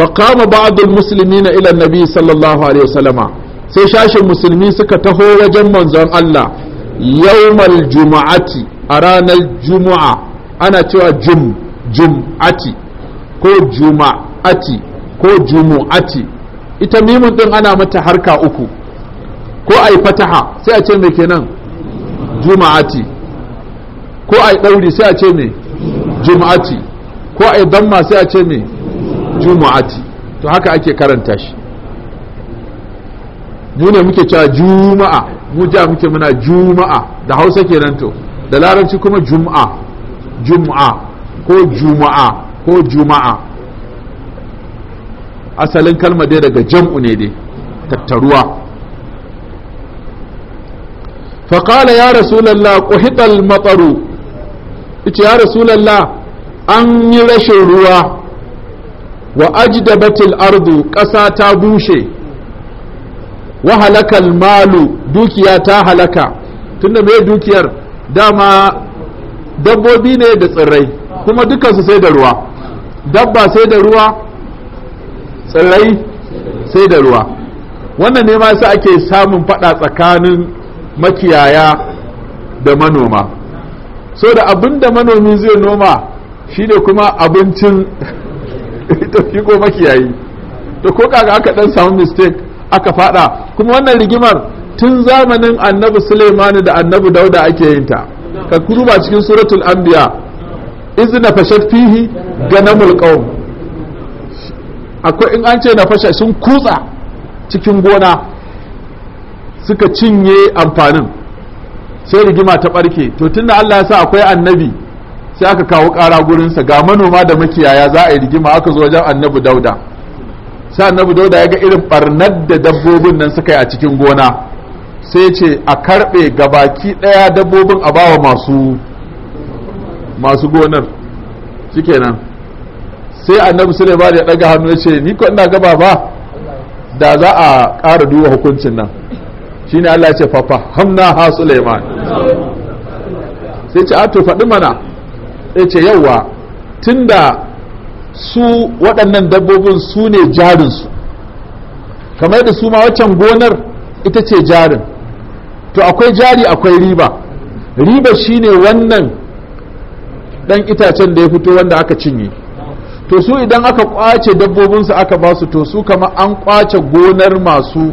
faqama ba'dul muslimina ila nabi sallallahu alaihi wasallama sai shashin musulmi suka taho wajen manzon Allah yawmal juma'ati a ranar juma'a ana cewa jum jum'ati ko juma'ati ko jumu'ati ita mimun din ana mata harka uku ko ai fataha sai a ce me kenan juma'ati ko ai dauri sai a ce me juma'ati ko ai damma sai a ce me jumu'ati to haka ake karanta shi mu ne muke cewa juma'a mu ja muke muna juma'a da hausa kenan to da larabci kuma juma'a juma'a ko juma'a ko juma'a asalin kalma dai daga jam'u ne dai tattaruwa faƙala ya rasulallah ƙuhital matsaru ita ya rasulallah an yi rashin ruwa wa ajdabatil ardu ƙasa ta bushe wa halakal malu dukiya ta halaka tunda mai dukiyar dama dabbobi ne da tsirrai kuma dukansu sai da ruwa dabba sai da ruwa tsirrai sai da ruwa wannan ne ma ake samun fada tsakanin makiyaya da manoma so da abin da manomi zai noma shine kuma abincin ita fi ko makiyayi to ko kaga aka dan samu mistake aka fada kuma wannan rigimar tun zamanin annabi Suleiman da annabi Dauda ake yin ta ka duba cikin suratul anbiya izna fashat fihi ganamul qaum akwai in an ce na fasha sun kutsa cikin gona suka cinye amfanin sai rigima ta barke to tunda Allah ya sa akwai annabi sai aka kawo ƙara gurinsa ga manoma da makiyaya za a yi rigima aka zo wajen annabi dauda sai annabi dauda ya ga irin barnar da dabbobin nan suka yi a cikin gona sai ce a karɓe gabaki ɗaya dabbobin a bawa masu masu gonar shikenan sai annabi suleiman ya ɗaga hannu ya ce ni ko ina gaba ba da za a ƙara duba hukuncin nan shine Allah ya ce fafa hamna ha suleiman sai ce a to faɗi mana ya ce yauwa tunda su waɗannan dabbobin su ne jarinsu kamar yadda su ma waccan gonar ita ce jarin to akwai jari akwai riba riba shi ne wannan ɗan itacen da ya fito wanda aka cinye to su idan aka kwace dabbobinsu aka ba su to su kama an kwace gonar masu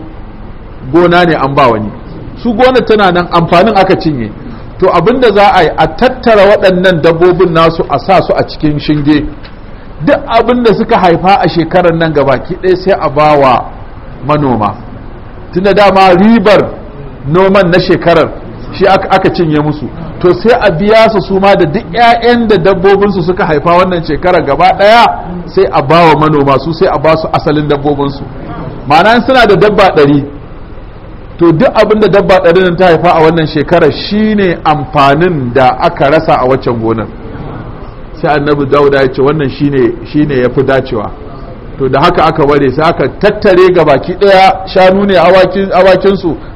gona ne an ba wani su gonar tana nan amfanin aka cinye to abinda za a yi a tattara waɗannan dabbobin nasu a sa su a cikin shinge duk abinda suka haifa a shekarar nan gaba ɗaya sai a bawa manoma tunda dama ribar noman na shekarar shi aka cinye musu to sai a biya su suma da duk 'ya'yan da dabbobinsu suka haifa wannan shekarar gaba ɗaya sai a bawa manoma su sai a ba su asalin dabbobinsu ma'ana suna da dabba ɗari to duk abin da dabba ɗari ta haifa a wannan shekarar shine amfanin da aka rasa a waccan gonar sai annabi dauda ya ce wannan shine shine yafi dacewa to da haka aka ware sai aka tattare ga baki ɗaya shanu ne a awakin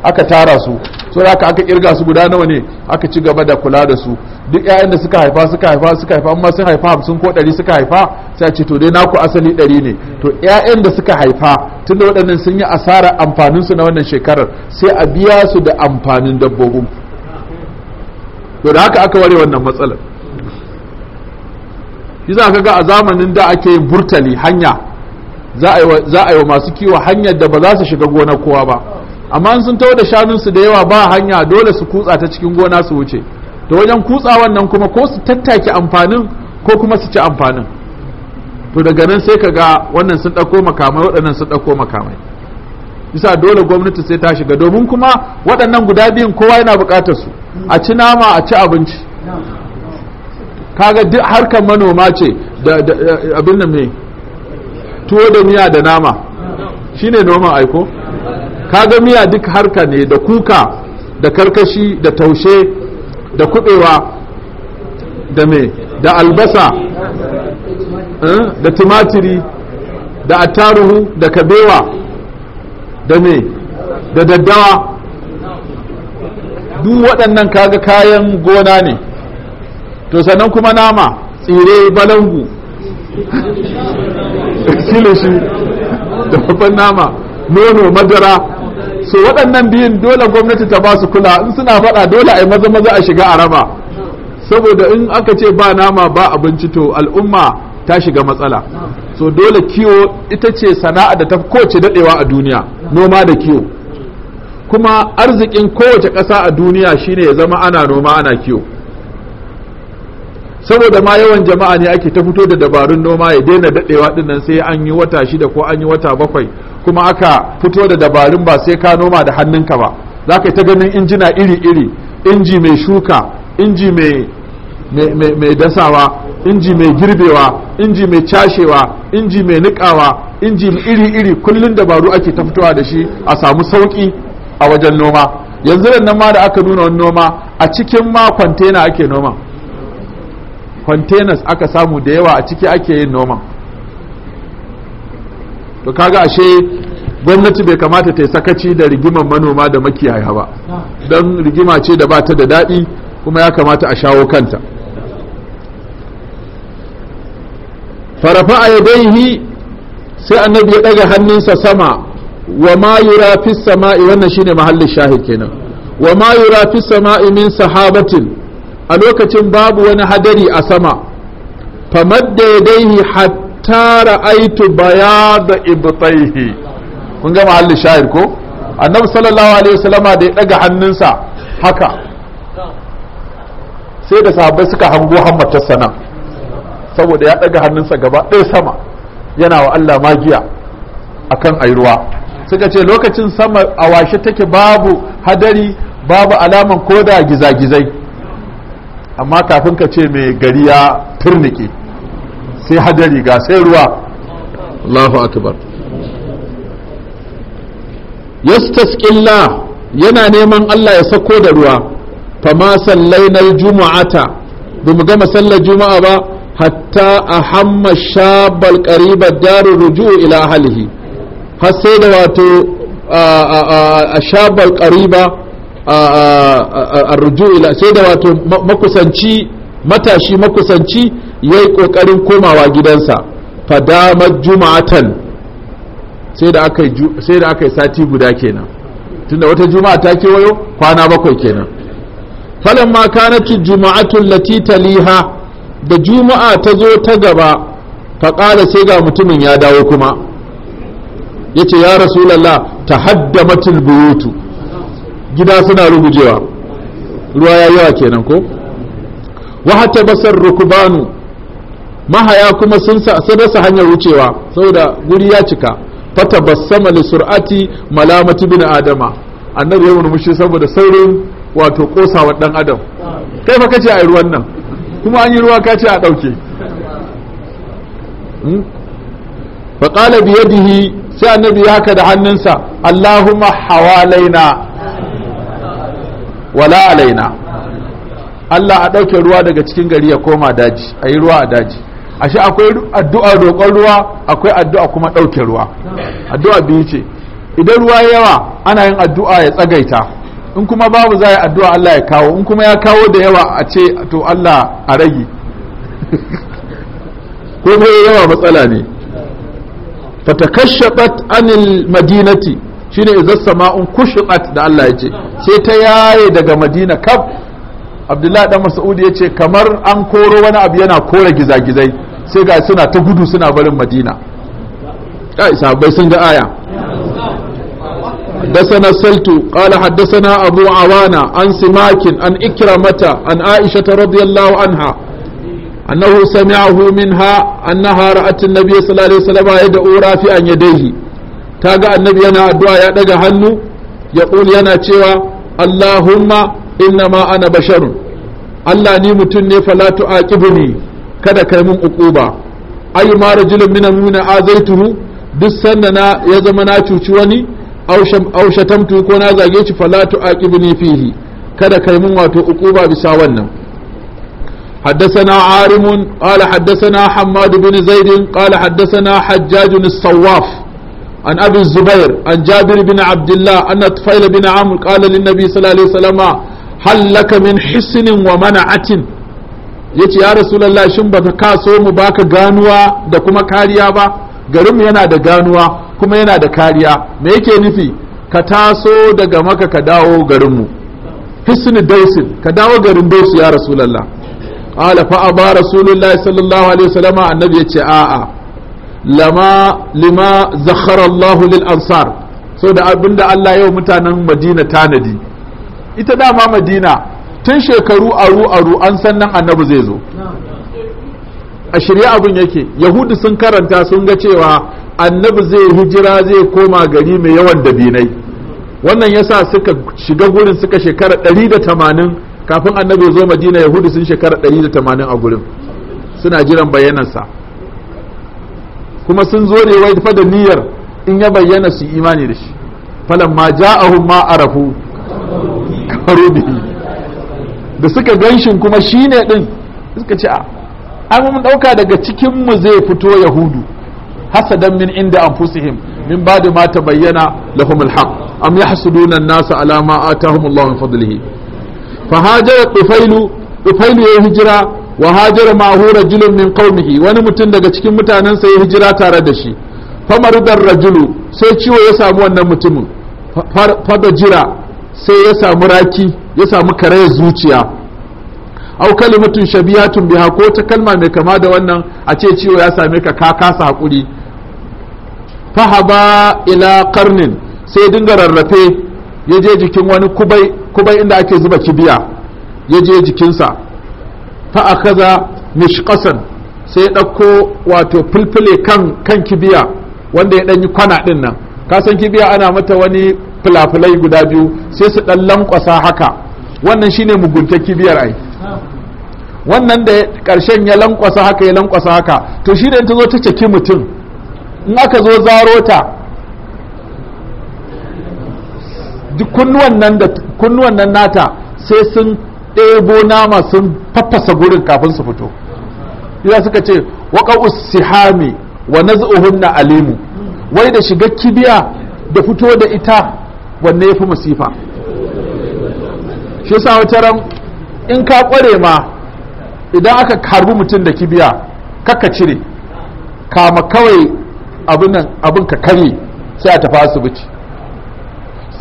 aka tara su so da aka kirga su guda nawa ne aka ci gaba da kula da su duk ƴaƴan da suka haifa suka haifa suka haifa amma sun haifa hamsin ko ɗari suka haifa sai a ce to dai naku asali ɗari ne to ƴaƴan da suka haifa tun da waɗannan sun yi asara amfanin su na wannan shekarar sai a biya su da amfanin dabbobin to da haka aka ware wannan matsalar shi za ka ga a zamanin da ake yin burtali hanya za a yi wa masu kiwo hanyar da ba za su shiga gona kowa ba amma sun tawo da shanunsu da yawa ba hanya dole su kutsa ta cikin gona su wuce to wajen kutsa wannan kuma ko su tattake amfanin ko kuma su ci amfanin to daga nan sai ka ga wannan sun ɗauko makamai waɗannan sun ɗauko makamai bisa dole gwamnati sai ta shiga domin kuma waɗannan guda biyun kowa yana buƙatar su a ci nama a ci abinci kaga duk harkar manoma ce da abin nan me tuwo da miya da nama shine noman aiko kaga miya duk harka ne da kuka da karkashi da taushe da kubewa da me da albasa eh? da tumatiri da attaruhu da kabewa da me da daddawa duk waɗannan kaga kayan gona ne to sannan kuma nama tsire balangu kilishi da babban nama nono madara so waɗannan biyun dole gwamnati ta ba su kula in suna faɗa dole a yi maza maza a shiga a raba saboda in aka ce ba nama ba abinci to al'umma ta shiga matsala so dole kiwo ita ce sana'a da ta kowace daɗewa a duniya noma da kiwo kuma arzikin kowace ƙasa a duniya shine ya zama ana noma ana kiwo saboda ma yawan jama'a ne ake ta fito da dabarun noma ya daina dadewa nan sai an yi wata shida ko an yi wata bakwai kuma aka fito da dabarun ba sai ka noma da hannunka ba za ka yi ta ganin injina iri-iri inji mai shuka inji mai dasawa inji mai girbewa inji mai cashewa inji mai nikawa inji iri-iri kullum dabaru ake ta fitowa da shi a samu sauki a wajen noma yanzu nan ma da aka nuna wani noma a cikin ma kwantena ake noma containers aka samu da yawa a ciki ake yin noma to kaga ashe gwamnati bai kamata ta yi sakaci da rigimar manoma da makiyaya ba don rigima ce da bata da daɗi kuma ya kamata a shawo kanta farafa a yadaihi sai annabi ya ɗaga hannunsa sama wa ma yura fi sama'i wannan shine mahallin shahid kenan wa ma yura fi sama'i min sahabatin a lokacin babu wani hadari a sama famadda yadaihi hatta ra'aitu bayada ibtaihi kun ga mahallin shahir ko annabi sallallahu alaihi wasallama da ya daga hannunsa haka sai da sahabbai suka hango hammatar sana saboda ya daga hannunsa gaba ɗaya sama yana wa Allah magiya akan ayruwa suka ce lokacin sama a washe take babu hadari babu alaman koda gizagizai amma kafin ka ce mai gari ya turnike sai hadari ga sai ruwa Allahu akbar yastasqilla yana neman Allah ya sako da ruwa fama sallainar juma'ata. ba mu gama sallar juma'a ba hatta ahamma shabal qariba darur ruju'u ila ahlihi har sai da wato a shabal kariba. arruju ila sai da wato makusanci matashi makusanci ya yi ƙoƙarin komawa gidansa fadamar juma'atan sai da aka yi sati guda kenan tunda wata juma'a ta kewayo kwana bakwai kenan falamma kanatu Juma'atun lati taliha da juma'a ta zo ta gaba ƙara sai ga mutumin ya dawo kuma ya ce ya rasulallah ta haddamatul buyutu gida suna rugujewa ruwa ya yawa kenan ko wa hatta basar rukbanu mahaya kuma sun dasa hanyar wucewa saboda guri ya cika fata bassama li sur'ati malamati bin adama annabi ya murmushi saboda saurin wato kosawa dan adam kai fa kace ai ruwan nan kuma an yi ruwa kace a dauke hmm? fa qala bi yadihi sai annabi ya haka da hannunsa allahumma hawalaina wala alaina Allah a ɗauke ruwa daga cikin gari ya koma daji a yi ruwa a daji ashe akwai addu'a roƙon ruwa akwai addu'a kuma ɗauke ruwa addu'a biyu ce idan ruwa yawa ana yin addu'a ya tsagaita in kuma babu za a yi addu'a Allah ya kawo in kuma ya kawo da yawa a ce to Allah a rage ko yawa matsala ne fatakashabat anil madinati shine izas sama'un kushitat da Allah ya ce sai ta yaye daga Madina kaf Abdullahi dan Mas'ud ya ce kamar an koro wani abu yana kore gizagizai sai ga suna ta gudu suna barin Madina ai sahabbai sun ga aya حدثنا السلت قال حدثنا أبو عوانة عن سماك عن إكرمة عن عائشة رضي الله عنها أنه سمعه منها أنها رأت النبي صلى الله عليه وسلم يدعو رافعا يديه ta ga annabi yana addu'a ya daga hannu ya yana cewa allahumma ma ana bashar allah ni mutum ne falatu a ne. kada kai mun uquba ay ma rajulun a zai azaituhu duk sanda na ya zama na cuci wani aushatamtu tamtu ko na zage shi falatu a ne fihi kada kai mun wato uquba bisa wannan حدثنا عارم قال حدثنا حماد بن زيد قال حدثنا حجاج الصواف عن أبي الزبير عن جابر بن عبد الله أن طفيل بن عمرو قال للنبي صلى الله عليه وسلم هل لك من حسن ومنعة yace ya rasulullah shin baka kaso mu baka ganuwa da kuma kariya ba Garinmu yana da ganuwa kuma yana da kariya me yake nufi ka taso daga maka ka dawo garin mu hisni ka dawo garin dausu ya rasulullah qala fa aba rasulullah sallallahu alaihi wasallam annabi yace a'a lama lima zakhara lil ansar so da abinda Allah yau mutanen Madina tanadi ita dama Madina tun shekaru aru aru an san nan annabi zai zo a shirya abin yake yahudu sun karanta sun ga cewa annabi zai hijira zai koma gari mai yawan dabinai wannan yasa suka shiga gurin suka shekara 180 kafin annabi ya zo madina yahudu sun shekara 180 a gurin suna jiran bayanansa kuma sun zo ne wai fa da niyyar in ya bayyana su imani da shi falan ma ja'ahum ma arafu kafaru bihi da suka ganshin kuma shine din suka ce a an mun dauka daga cikin mu zai fito yahudu hasadan min inda anfusihim min bada ma bayyana lahum alhaq am yahsuduna an-nasa ala ma atahum Allah min fadlihi fa hajara tufailu tufailu ya hijira wa hajara ma'ahu rajulun min qaumihi wani mutum daga cikin mutanensa ya hijira tare da shi famaridar rajulu sai ciwo ya samu wannan mutumin fada jira sai ya samu raki ya samu karayar zuciya au kalimatun shabi'atun biha ko ta kalma mai kama da wannan a ce ciwo ya same ka ka kasa hakuri fahaba ila karnin sai dinga rarrafe ya je jikin wani kubai kubai inda ake zuba kibiya ya je jikinsa fa akaza mishqasan sai ya ɗauko wato filfile kan kan kibiya wanda ya ɗanyi kwana ɗin nan ka kibiya ana mata wani filafilai guda biyu sai su ɗan lankwasa haka wannan shine mugunta kibiyar ai wannan da ƙarshen ya lankwasa haka ya lankwasa haka to shi da ta zo ta caki mutum in aka zo zaro ta kunnuwan nan nata sai sun ɗebo nama sun fafasa gurin kafin su fito ya suka ce waƙa usihami wa na alimu wai da shiga kibiya da fito da ita wanne ya fi masifa shi yasa wata ran in ka kware ma idan aka karbi mutum da kibiya kaka cire kama kawai abin ka karye sai a tafi asibiti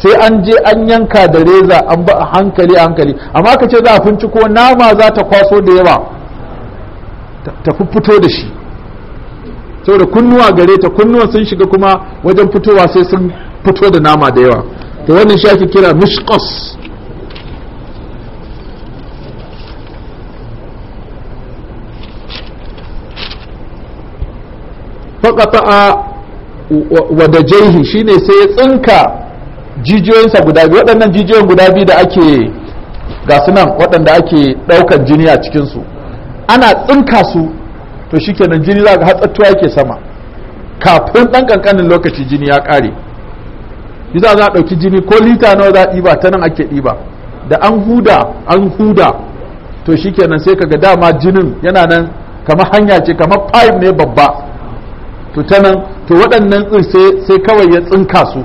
sai an je an yanka da reza an ba a hankali a hankali amma ka ce za a finciko nama za ta kwaso da yawa ta fito da shi saboda kunnuwa gare ta kunnuwa sun shiga kuma wajen fitowa sai sun fito da nama da yawa to wannan shi ake kira mishkos wa a wadajaihi shine sai ya tsinka jijiyoyinsa guda biyu waɗannan jijiyoyin guda biyu da ake ga nan waɗanda ake ɗaukan jini a cikinsu ana tsinka su to shikenan jini za ka hatsattuwa yake sama kafin ɗan ƙanƙanin lokaci jini ya ƙare bisa za a ɗauki jini ko lita nawa za a ɗiba ta nan ake ɗiba da an huda an huda to shikenan sai kaga dama jinin yana nan kamar hanya ce kamar pipe ne babba to ta nan to waɗannan sai kawai ya tsinka su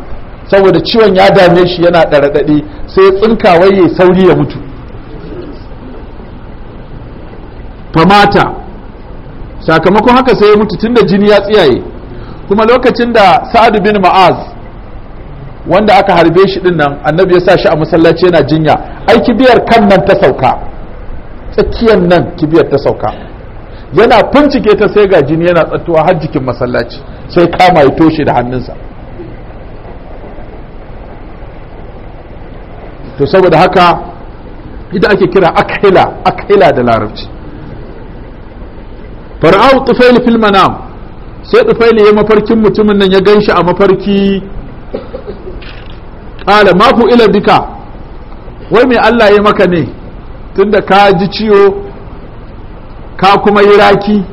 saboda ciwon ya dame shi yana ɗaraɗaɗe sai tsinkawai ya sauri ya mutu famata sakamakon haka sai ya mutu tunda jini ya tsiyaye kuma lokacin da sa'ad bin ma'az wanda aka harbe shi din nan annabi ya sa shi a masallaci yana jinya ai kibiyar kan nan ta sauka tsakiyar nan kibiyar ta sauka yana fincike ta sai ga jini yana tsattuwa har jikin masallaci sai kama ya toshe da hannunsa to saboda haka ita ake kira akhila akhila da larabci fara'u tufail fil manam sai tufail ya mafarkin mutumin nan ya ganshi a mafarki qala ma ila bika wai me Allah ya maka ne tunda ka ji ciwo ka kuma yi raki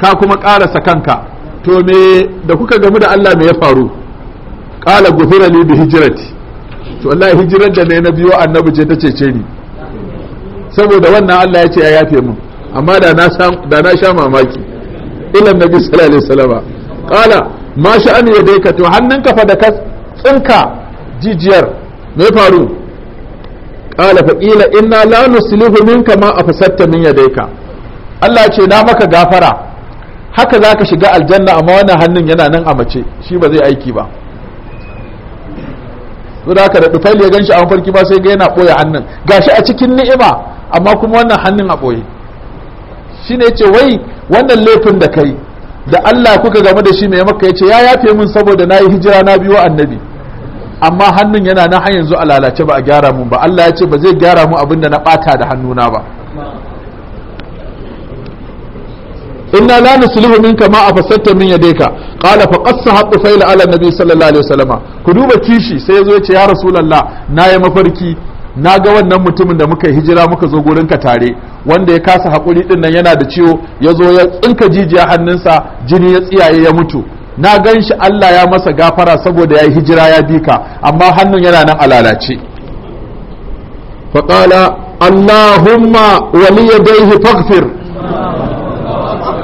ka kuma ƙarasa kanka to me da kuka gamu da Allah me ya faru qala gufira li bi hijrati to ya hijirar da ne na biyo annabi ce ta cece ni saboda wannan Allah ya ce ya yafe min amma da na da na sha mamaki ilan nabi sallallahu alaihi wasallam qala ma sha'an yadayka to hannunka fa da ka tsinka jijiyar me faru qala fa qila inna la nuslihu minka ma afsatta min yadayka Allah ce na maka gafara haka zaka shiga aljanna amma wannan hannun yana nan a mace shi ba zai aiki ba so da aka da tufail ya ganshi a mafarki ba sai ga yana boye hannun shi a cikin ni'ima amma kuma wannan hannun a ɓoye. Shi ne ce wai wannan laifin da kai da Allah kuka game da shi mai maka ce ya yafe min saboda na yi hijira na biyo annabi amma hannun yana na hanyar yanzu a lalace ba a gyara mun ba Allah ya ce ba zai gyara mu da na bata da hannuna ba inna لا nuslihu منك ما أفسدت min يديك قال fa حق فيل على النبي nabi sallallahu alaihi وسلم ku duba kishi sai yazo yace ya مفركي naga mafarki na ga wannan mutumin da muka hijira muka zo gurin ka tare wanda ya kasa hakuri din nan yana da ciwo ya zo ya tsinka jijiya hannunsa jini ya tsiyaye ya mutu na gan shi Allah ya masa gafara saboda ya yi hijira ya bi amma hannun yana nan a lalace faƙala Allahumma waliyadaihi faghfir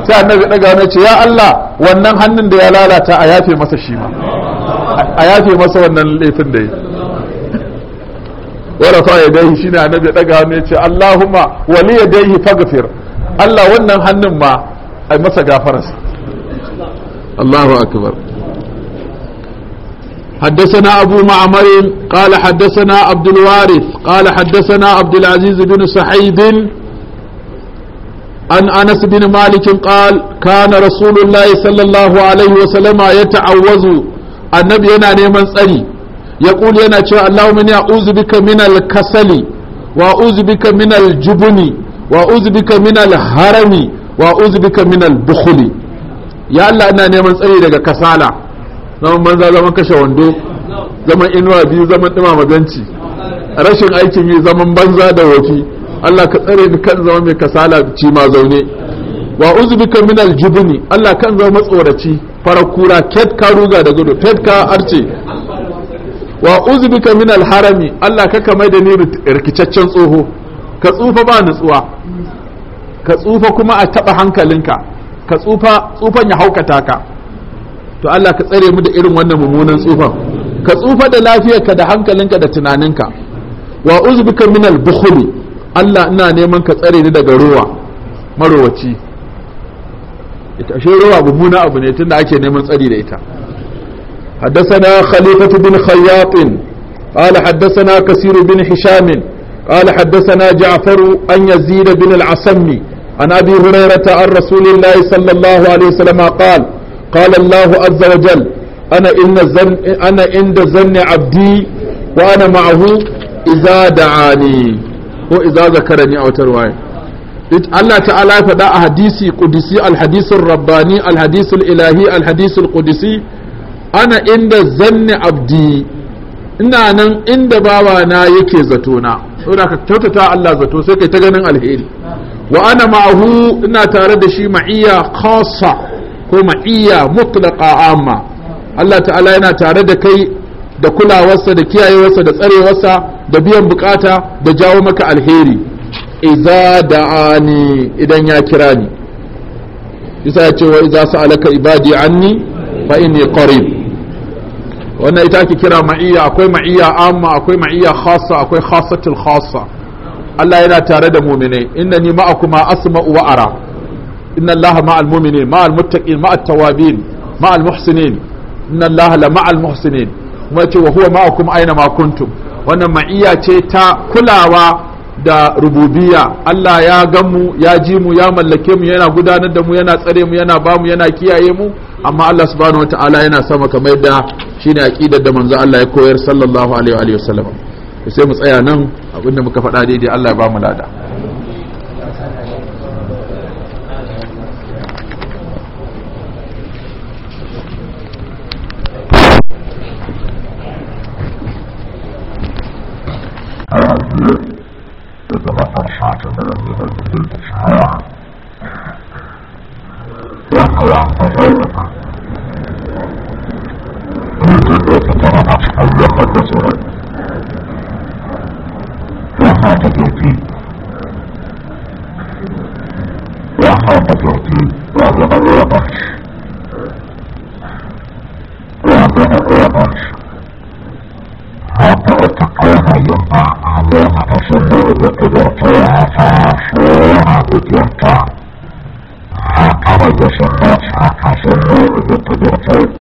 sai annabi daga wani ce ya Allah wannan hannun da ya lalata a yafe masa shi ma a yafe masa wannan laifin da yi wala fa ya dai shine annabi daga wani ya ce Allahumma wali ya dai faghfir Allah wannan hannun ma a masa gafararsa Allahu akbar حدثنا أبو معمر قال حدثنا عبد الوارث قال حدثنا عبد العزيز بن صحيب عن أنس بن مالك قال كان رسول الله صلى الله عليه وسلم يتعوذ النبي ينا نيمان تسري يقول ينا شاء اللهم إني أعوذ بك من الكسل وأعوذ بك من الجبن وأعوذ بك من الهرم وأعوذ بك من البخل ya Allah ina neman tsari daga kasala zaman banza zaman kashe wando zaman inuwa biyu zaman dumama benci rashin aikin yi zaman banza da wofi Allah ka tsare ni kan zama mai kasala ci ma zaune wa uzbika min aljubni Allah kan zama matsoraci fara kura ket ka ruga da gudu ket ka arce wa uzbika min alharami Allah ka kamar da ni rikicaccen tsoho ka tsufa ba nutsuwa ka tsufa kuma a taba hankalinka ka tsufa tsufan ya haukata ka to Allah ka tsare mu da irin wannan mummunan tsufan ka tsufa da lafiyarka da hankalinka da tunaninka wa uzbika min albukhli Allah ina neman ka tsare ni daga rowa marowaci ita ashe rowa mummuna abu ne tunda ake neman tsari da ita حدثنا خليفة بن خياط قال حدثنا كثير بن هشام قال حدثنا جعفر أن يزيد بن العسمي عن أبي هريرة عن رسول الله صلى الله عليه وسلم قال قال الله عز وجل أنا إن الزن أنا عند ظن عبدي وأنا معه إذا دعاني ko iza zakarani a wata ruwaya Allah ta'ala ya faɗa a hadisi ƙudisi al rabbani al ilahi al kudisi ana inda zanne abdi ina nan inda babana yake zato na saboda ka kyautata Allah zato sai kai ta ganin alheri wa ana ma'ahu ina tare da shi ma'iya khassa ko ma'iyya mutlaqa amma Allah ta'ala yana tare da kai da kulawarsa da kiyayewarsa da tsarewarsa da biyan bukata da jawo maka alheri Iza da'ani idan ya kira ni isa ya ce wa idza sa'alaka ibadi anni fa inni qarib wannan ita ake kira ma'iyya akwai ma'iyya amma akwai ma'iyya khassa akwai khassatul khassa Allah yana tare da mu'mine innani ma'akuma asma'u wa ara inna Allah ma'al mu'minin ma'al muttaqin ma'at tawabin ma'al muhsinin inna Allah la ma'al muhsinin kuma ce wa huwa ma'akum aina ma kuntum wannan ma'iya ce ta kulawa da rububiya Allah ya gan mu ya ji mu ya mallake mu yana gudanar da mu yana tsare mu yana ba mu yana kiyaye mu amma Allah subhanahu wataala yana sama kamar yadda shine aqidar da manzo Allah ya koyar sallallahu alaihi wa sallam sai mu tsaya nan abinda muka faɗa daidai Allah ya ba mu lada الناس إنما فرحة من الناس بالإشعاع وقع تطرق الجنة طرحت حولها كسرا وحاط ترتيب وحاط ترتيب وعلى غير وحش 有的好像是饿的，这个中餐是饿的，不健康。啊，他们也是喝茶，还是喝的多。